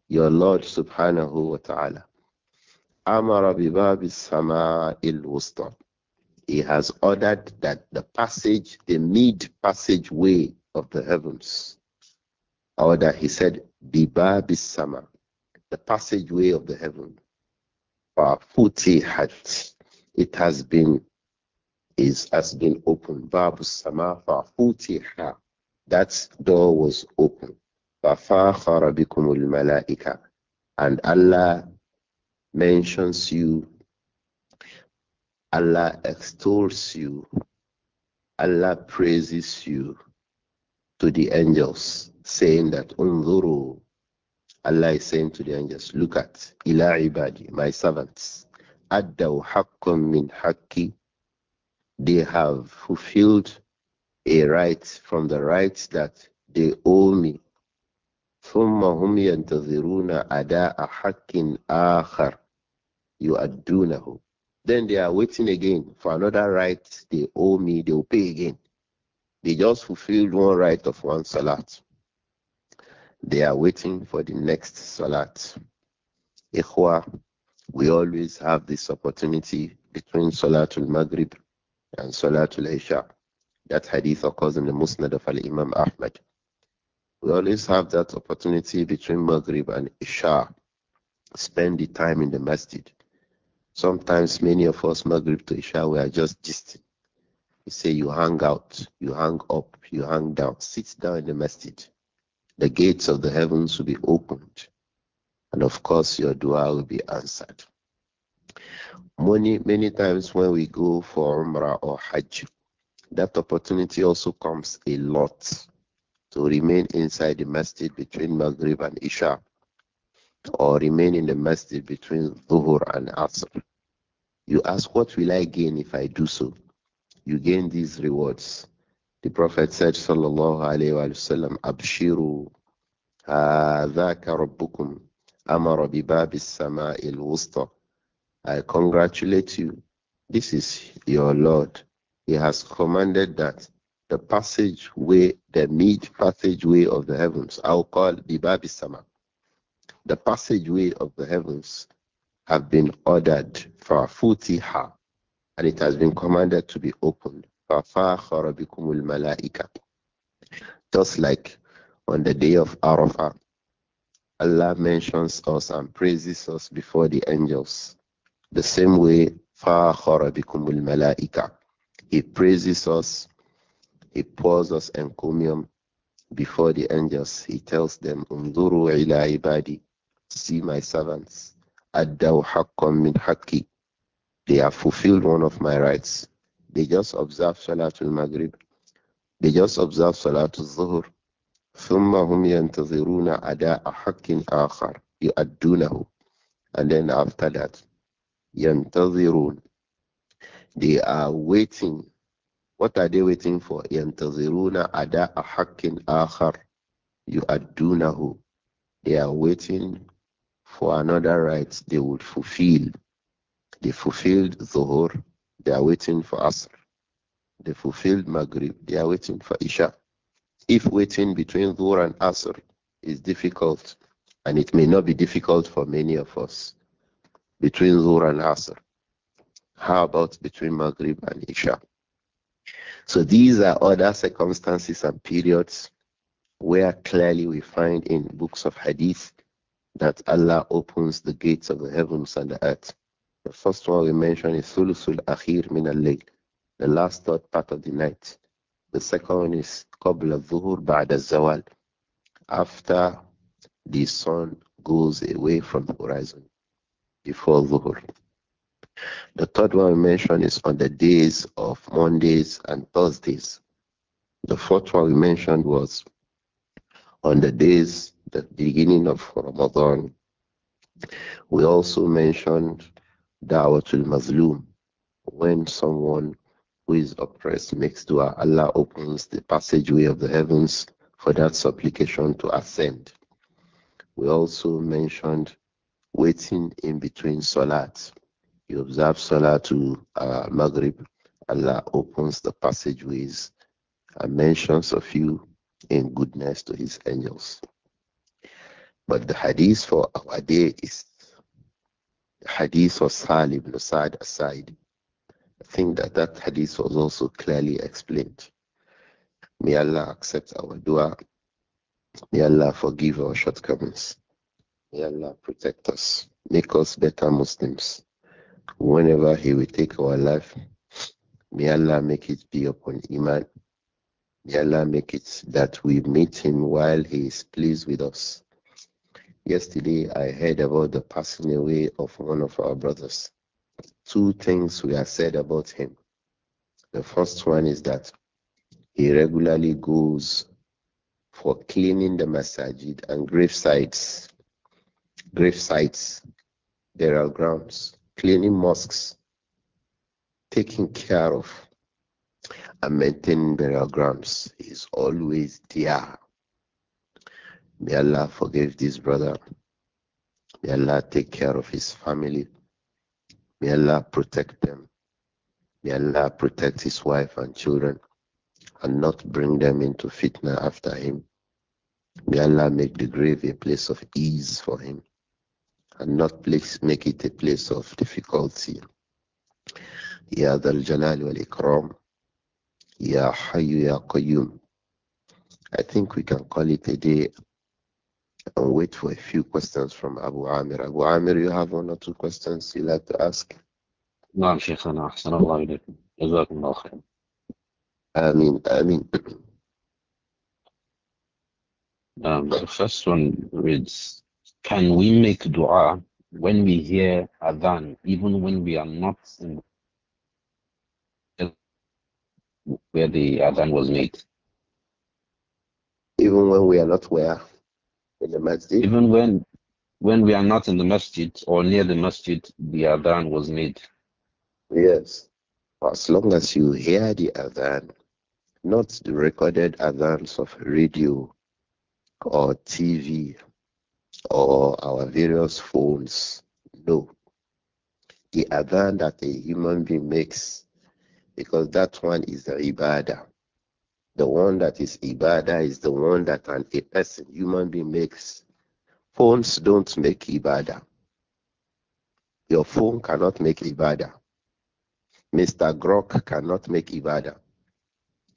your Lord subhanahu wa ta'ala. Amara bibab is-sama'il wusta. He has ordered that the passage, the mid passageway of the heavens, Order, that he said, bibab is-sama, the passageway of the heaven. hat It has been is has been opened. Babu Sama Futiha that door was open. And Allah mentions you, Allah extols you, Allah praises you to the angels, saying that Unzuru, Allah is saying to the angels, Look at Ila ibadi, my servants, Addaw hakum min haqqi, they have fulfilled a right from the rights that they owe me. ثم هم ينتظرون أداء حق آخر يؤدونه then they are waiting again for another right they owe me, they will pay again. They just fulfilled one right of one salat. They are waiting for the next salat. Ikhwa, we always have this opportunity between Salatul Maghrib and Salatul Isha. That hadith occurs in the Musnad of Al Imam Ahmad. We always have that opportunity between Maghrib and Isha. Spend the time in the masjid. Sometimes many of us, Maghrib to Isha, we are just gisting. You say you hang out, you hang up, you hang down. Sit down in the masjid. The gates of the heavens will be opened. And of course, your dua will be answered. Many, many times when we go for Umrah or Hajj, that opportunity also comes a lot to remain inside the masjid between Maghrib and Isha, or remain in the masjid between Dhuhr and Asr. You ask, what will I gain if I do so? You gain these rewards. The Prophet said, Sallallahu Alaihi Wasallam, Abshiru, هذاك ربكم أمر بباب السماء الوسطى. I congratulate you. This is your Lord he has commanded that the passageway, the mid passageway of the heavens, I'll call Bibabi Sama. The passageway of the heavens have been ordered for Futiha, and it has been commanded to be opened. Just like on the day of Arafah, Allah mentions us and praises us before the angels. The same way, فَاخَرَ بِكُمُ الْمَلَائِكَةِ he praises us. He pours us encomium before the angels. He tells them, Unduru ila ibadi, see my servants. Addaw haqqan min haqqi. They have fulfilled one of my rights. They just observe Salatul Maghrib. They just observe Salatul Zuhur. ثم هم ينتظرون أداء حق آخر يؤدونه and then after that ينتظرون they are waiting. What are they waiting for? يَنْتَظِرُونَ أَدَاءَ حَقٍّ آخَرٍ يُؤَدُّونَهُ They are waiting for another right they would fulfill. They fulfilled Zuhur, they are waiting for Asr. They fulfilled Maghrib, they are waiting for Isha. If waiting between Zuhur and Asr is difficult, and it may not be difficult for many of us, between Zuhur and Asr, how about between Maghrib and Isha? So these are other circumstances and periods where clearly we find in books of hadith that Allah opens the gates of the heavens and the earth. The first one we mentioned is Sulusul Akhir min al the last third part of the night. The second one is Qabla Dhuhr Ba'da Zawal, after the sun goes away from the horizon before Dhuhr. The third one we mentioned is on the days of Mondays and Thursdays. The fourth one we mentioned was on the days, the beginning of Ramadan. We also mentioned Dawatul Mazlum, when someone who is oppressed makes dua, Allah opens the passageway of the heavens for that supplication to ascend. We also mentioned waiting in between salat you observe Salah to uh, Maghrib, Allah opens the passageways and mentions a few in goodness to his angels. But the hadith for our day is the hadith of Salih ibn Sa'd aside. I think that that hadith was also clearly explained. May Allah accept our dua. May Allah forgive our shortcomings. May Allah protect us. Make us better Muslims whenever He will take our life. May Allah make it be upon Iman. May Allah make it that we meet Him while He is pleased with us. Yesterday, I heard about the passing away of one of our brothers. Two things we have said about him. The first one is that he regularly goes for cleaning the masajid and grave sites. Grave sites, burial grounds cleaning mosques, taking care of and maintaining burial grounds. is always there. May Allah forgive this brother. May Allah take care of his family. May Allah protect them. May Allah protect his wife and children and not bring them into fitna after him. May Allah make the grave a place of ease for him and not place, make it a place of difficulty. يا ذا الجلال والإكرام يا حي يا قيوم I think we can call it a day and wait for a few questions from Abu Amir. Abu Amir, you have one or two questions you'd like to ask? نعم شيخنا أحسن الله إليكم جزاكم الله خير آمين آمين Um, the first one reads can we make dua when we hear adhan, even when we are not in where the adhan was made? Even when we are not where? In the masjid? Even when when we are not in the masjid or near the masjid, the adhan was made. Yes. As long as you hear the adhan, not the recorded adhans of radio or TV or our various phones. No. The adhan that a human being makes, because that one is the ibadah. The one that is ibadah is the one that an, a person, human being makes. Phones don't make ibadah. Your phone cannot make ibadah. Mr. Grok cannot make ibadah.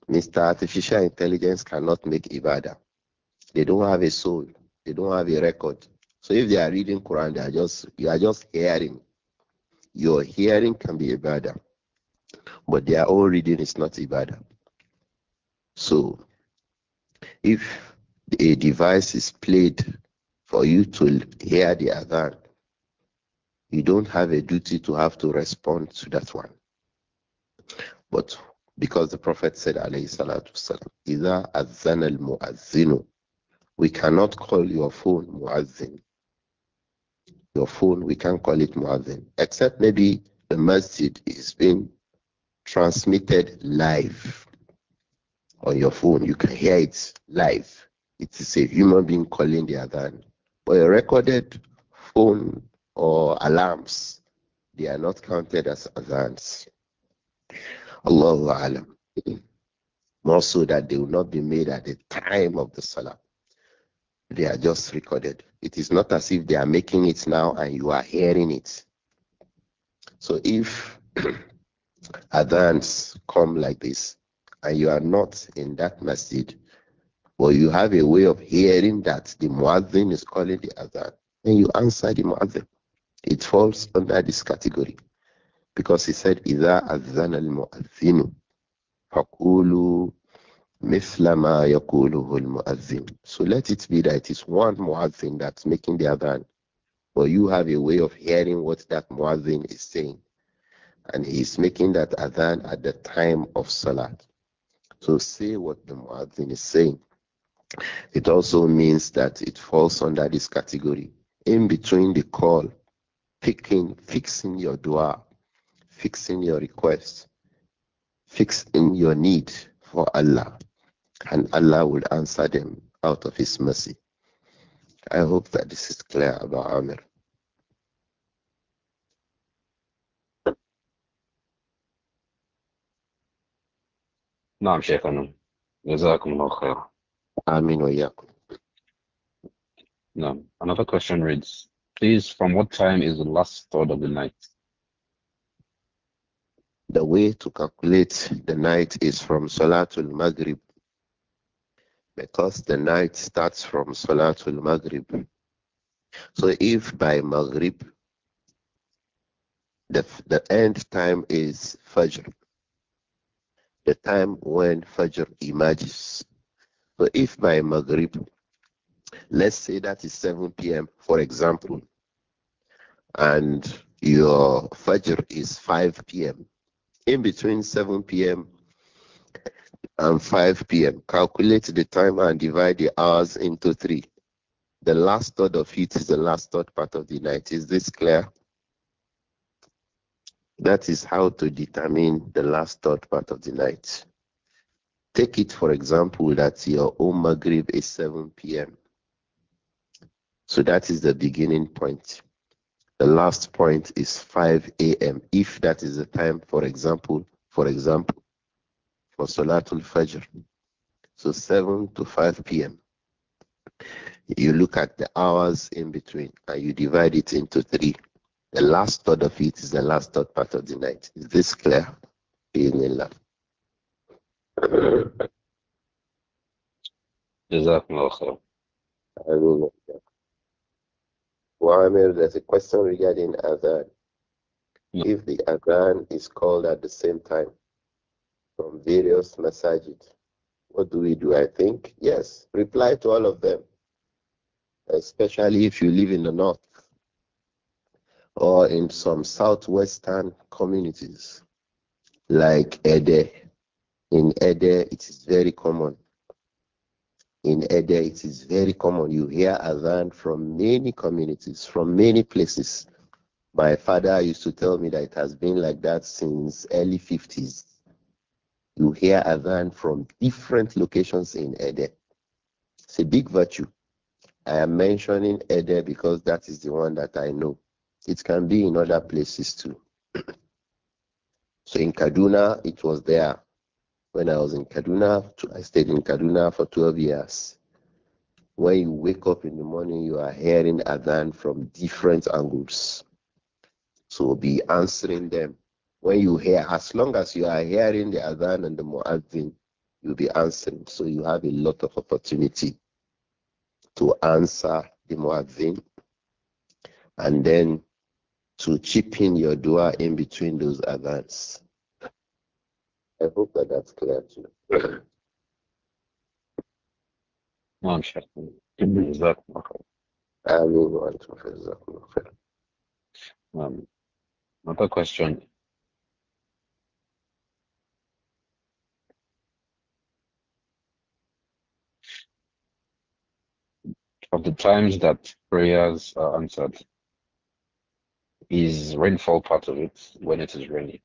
Mr. Artificial Intelligence cannot make ibadah. They don't have a soul. They don't have a record. So if they are reading Quran, they are just you are just hearing. Your hearing can be ibadah, but their own reading is not ibadah. So if a device is played for you to hear the adhan, you don't have a duty to have to respond to that one. But because the Prophet said, alayhi salatu wasalam, إِذَا أَذَّنَ الْمُؤَذِّنُ we cannot call your phone Muazzin. Your phone, we can call it Muazzin, except maybe the masjid is being transmitted live on your phone. You can hear it live. It is a human being calling the adhan. But a recorded phone or alarms, they are not counted as adhans. Allahu Alam. More so that they will not be made at the time of the salah. They are just recorded. It is not as if they are making it now and you are hearing it. So if adhans come like this and you are not in that masjid, but you have a way of hearing that the muazzin is calling the adhan, then you answer the muazzin. It falls under this category because he said, إِذَا أَذَّنَ الْمُؤَذِّنُ فَقُولُوا Mislama yakuluhul muazzin. So let it be that it is one muazzin that's making the adhan, but you have a way of hearing what that muazzin is saying, and he's making that adhan at the time of salat. So say what the muazzin is saying. It also means that it falls under this category. In between the call, picking, fixing your dua, fixing your request, fixing your need for Allah and Allah will answer them out of His mercy. I hope that this is clear about Amir. نعم شيخنا جزاكم الله خيرا آمين وإياكم نعم another question reads please from what time is the last third of the night the way to calculate the night is from Salatul Maghrib because the night starts from Salatul Maghrib. So if by Maghrib the, the end time is Fajr, the time when Fajr emerges. So if by Maghrib, let's say that is 7 p.m., for example, and your Fajr is 5 p.m., in between 7 p.m and 5 p.m. Calculate the time and divide the hours into three. The last third of it is the last third part of the night. Is this clear? That is how to determine the last third part of the night. Take it, for example, that your own Maghrib is 7 p.m. So that is the beginning point. The last point is 5 a.m. If that is the time, for example, for example, for Salatul Fajr. So 7 to 5 p.m. You look at the hours in between and you divide it into three. The last third of it is the last third part of the night. Is this clear? In Allah, الله خير. آمين. Wa'amir, there's a question regarding Adhan. No. If the Adhan is called at the same time, from various masajid. What do we do? I think, yes, reply to all of them, especially if you live in the north or in some southwestern communities like Ede. In Ede, it is very common. In Ede, it is very common. You hear Adhan from many communities, from many places. My father used to tell me that it has been like that since early 50s. You hear adhan from different locations in Ede. It's a big virtue. I am mentioning Ede because that is the one that I know. It can be in other places too. so in Kaduna, it was there. When I was in Kaduna, I stayed in Kaduna for 12 years. When you wake up in the morning, you are hearing adhan from different angles. So be answering them when you hear, as long as you are hearing the adhan and the muazzin, you'll be answering. So you have a lot of opportunity to answer the muazzin and then to chip in your dua in between those adhans. I hope that that's clear to you. Um, another question of the times that prayers are answered is rainfall part of it when it is raining.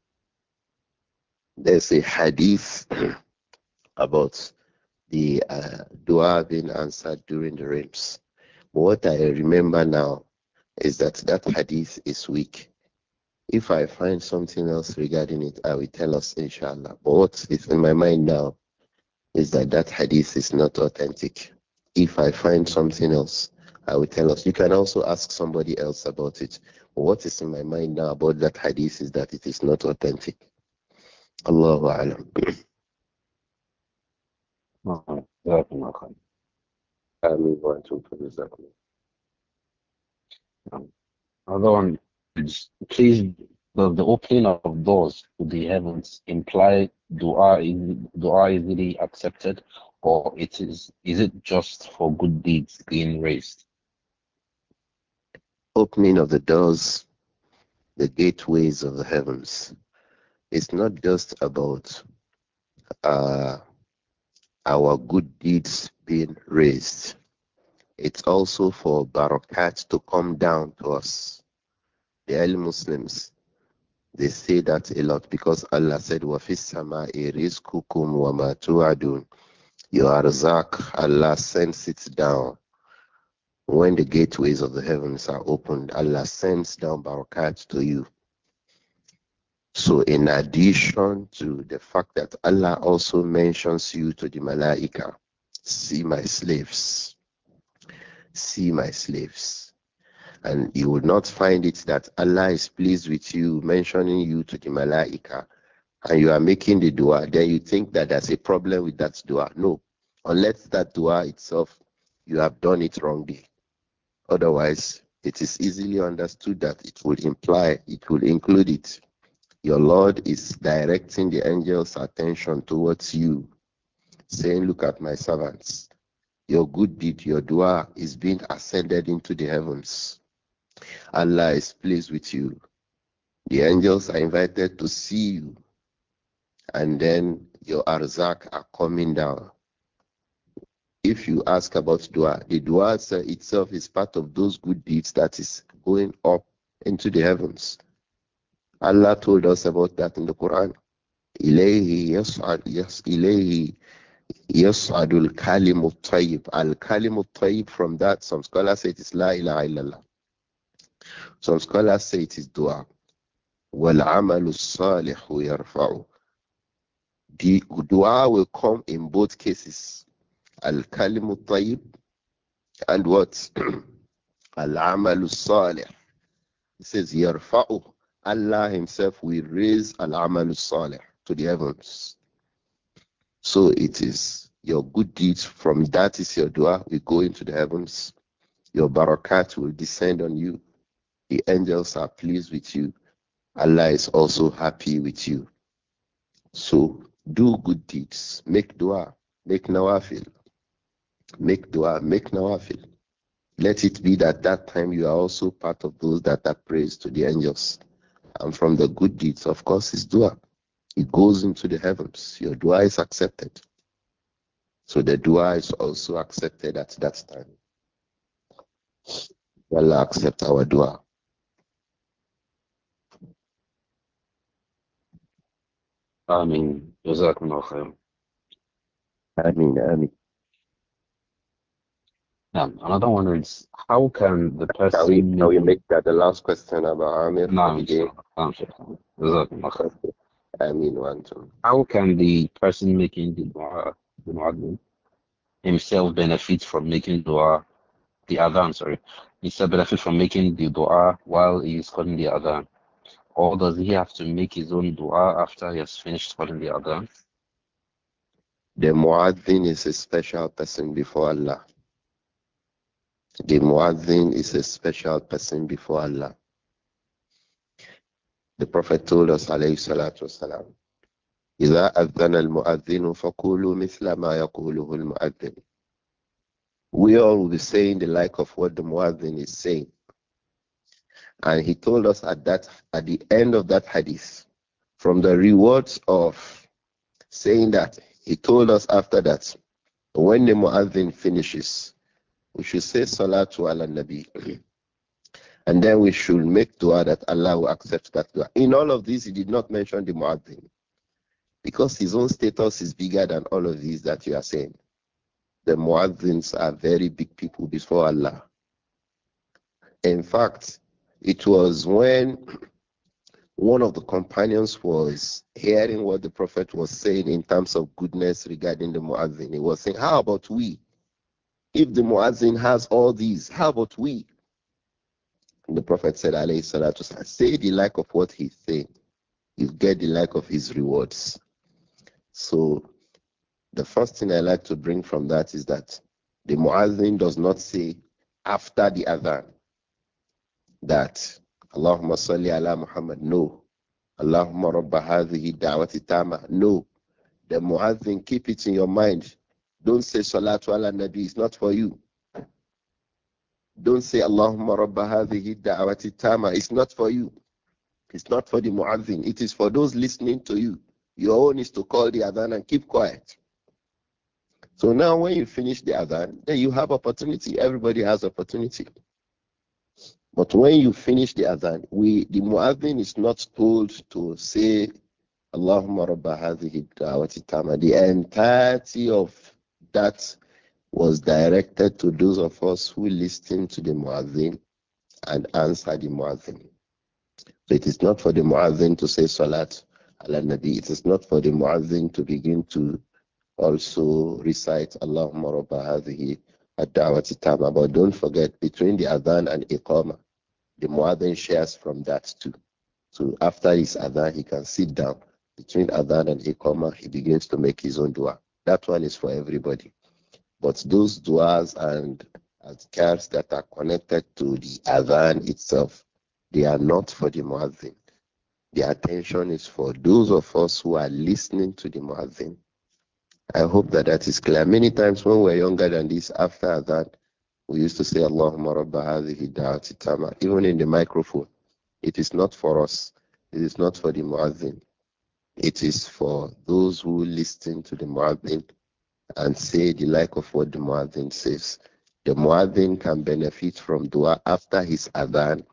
There's a hadith about the uh, dua being answered during the rains. But what I remember now is that that hadith is weak. If I find something else regarding it, I will tell us, inshallah. But what is in my mind now is that that hadith is not authentic. If I find something else, I will tell us. You can also ask somebody else about it. What is in my mind now about that hadith is that it is not authentic. Allahu alam. Um, other one please the, the opening of doors to the heavens imply dua is dua easily accepted or it is is it just for good deeds being raised? Opening of the doors, the gateways of the heavens. It's not just about uh, our good deeds being raised. It's also for barakat to come down to us. The early Muslims, they say that a lot because Allah said, وَفِي السَّمَاءِ wa وَمَا تُوعَدُونَ your arzak, Allah sends it down. When the gateways of the heavens are opened, Allah sends down barakat to you. So, in addition to the fact that Allah also mentions you to the malaika, see my slaves, see my slaves. And you will not find it that Allah is pleased with you mentioning you to the malaika and you are making the dua, then you think that there's a problem with that dua. No, unless that dua itself, you have done it wrongly. Otherwise, it is easily understood that it would imply, it would include it. Your Lord is directing the angel's attention towards you, saying, Look at my servants. Your good deed, your dua is being ascended into the heavens. Allah is pleased with you. The angels are invited to see you and then your arzak are coming down. If you ask about dua, the dua itself is part of those good deeds that is going up into the heavens. Allah told us about that in the Quran. إليه يصعد يص إليه يصعد الكلم الطيب الكلم الطيب from that some scholars say it is لا إله إلا الله some scholars say it is dua والعمل الصالح يرفعه the dua will come in both cases. Al kalimu tayyib and what? Al amalu salih. He says, Yarfa'u. Allah Himself will raise Al amalu salih to the heavens. So it is your good deeds from that is your dua We go into the heavens. Your barakat will descend on you. The angels are pleased with you. Allah is also happy with you. So do good deeds, make dua, make nawafil, make dua, make nawafil. Let it be that that time you are also part of those that are praised to the angels. And from the good deeds, of course, is dua. It goes into the heavens. Your dua is accepted. So the dua is also accepted at that time. Allah accept our dua. آمين جزاكم الله خيرا آمين آمين Naam. Another one is how can the person can we, can we make that the last question about Amir? Naam, naam, I mean one two. How can the person making the dua the mu'adhin himself benefit from making dua the adhan, sorry. Himself benefit from making the dua while he is calling the adhan. Or does he have to make his own dua after he has finished calling the adhan? The muaddin is a special person before Allah. The muaddin is a special person before Allah. The Prophet told us, alayhi salatu wasalam, إذا أذن المؤذن فقولوا مثل ما يقوله المؤذن. We all will be saying the like of what the muaddin is saying. And he told us at that at the end of that hadith, from the rewards of saying that, he told us after that, when the Mu'adhin finishes, we should say Salatu ala Nabi. And then we should make dua that Allah will accept that dua. In all of this, he did not mention the Mu'adhin because his own status is bigger than all of these that you are saying. The Muadhins are very big people before Allah. In fact, it was when one of the companions was hearing what the Prophet was saying in terms of goodness regarding the Muazzin. He was saying, How about we? If the Muazzin has all these, how about we? the Prophet said, alayhi salatu say the like of what he said, you get the like of his rewards. So the first thing I like to bring from that is that the Muazzin does not say after the Adhan that Allahumma salli ala Muhammad, no. Allahumma rabba hadhihi da'wati tama, no. The muadhin, keep it in your mind. Don't say salatu ala nabi, it's not for you. Don't say Allahumma rabba hadhihi da'wati tama, it's not for you. It's not for the muadhin, it is for those listening to you. Your own is to call the adhan and keep quiet. So now when you finish the adhan, then you have opportunity. Everybody has opportunity. But when you finish the adhan, we the muadhin is not told to say Allahumma rabba hadhihi da'wati tama. The entirety of that was directed to those of us who listen to the muadhin and answer the muadhin. So it is not for the muadhin to say salat ala nabi. It is not for the muadhin to begin to also recite Allahumma rabba hadhihi Adawat Tama. But don't forget, between the Adhan and Iqama, the Muadhin shares from that too. So after his Adhan, he can sit down. Between Adhan and Iqama, he begins to make his own dua. That one is for everybody. But those duas and adhkars that are connected to the Adhan itself, they are not for the Muadhin. The attention is for those of us who are listening to the Muadhin I hope that that is clear. Many times when we are younger than this, after that, we used to say, Allahumma rabba hadhihi tama, even in the microphone. It is not for us. It is not for the muazzin. It is for those who listen to the muazzin and say the like of what the muazzin says. The muazzin can benefit from dua after his adhan.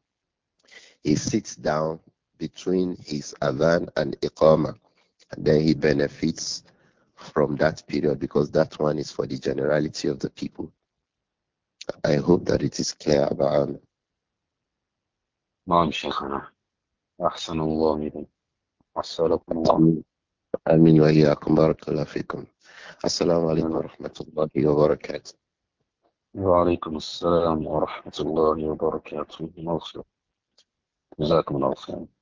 He sits down between his adhan and iqama, and then he benefits from that period because that one is for the generality of the people. I hope that it is clear about him. I mean, you are here. Barakallahu feekum. Assalamu alaikum wa rahmatullahi wa alaikum assalam wa rahmatullahi wa barakatuh. Jazakum al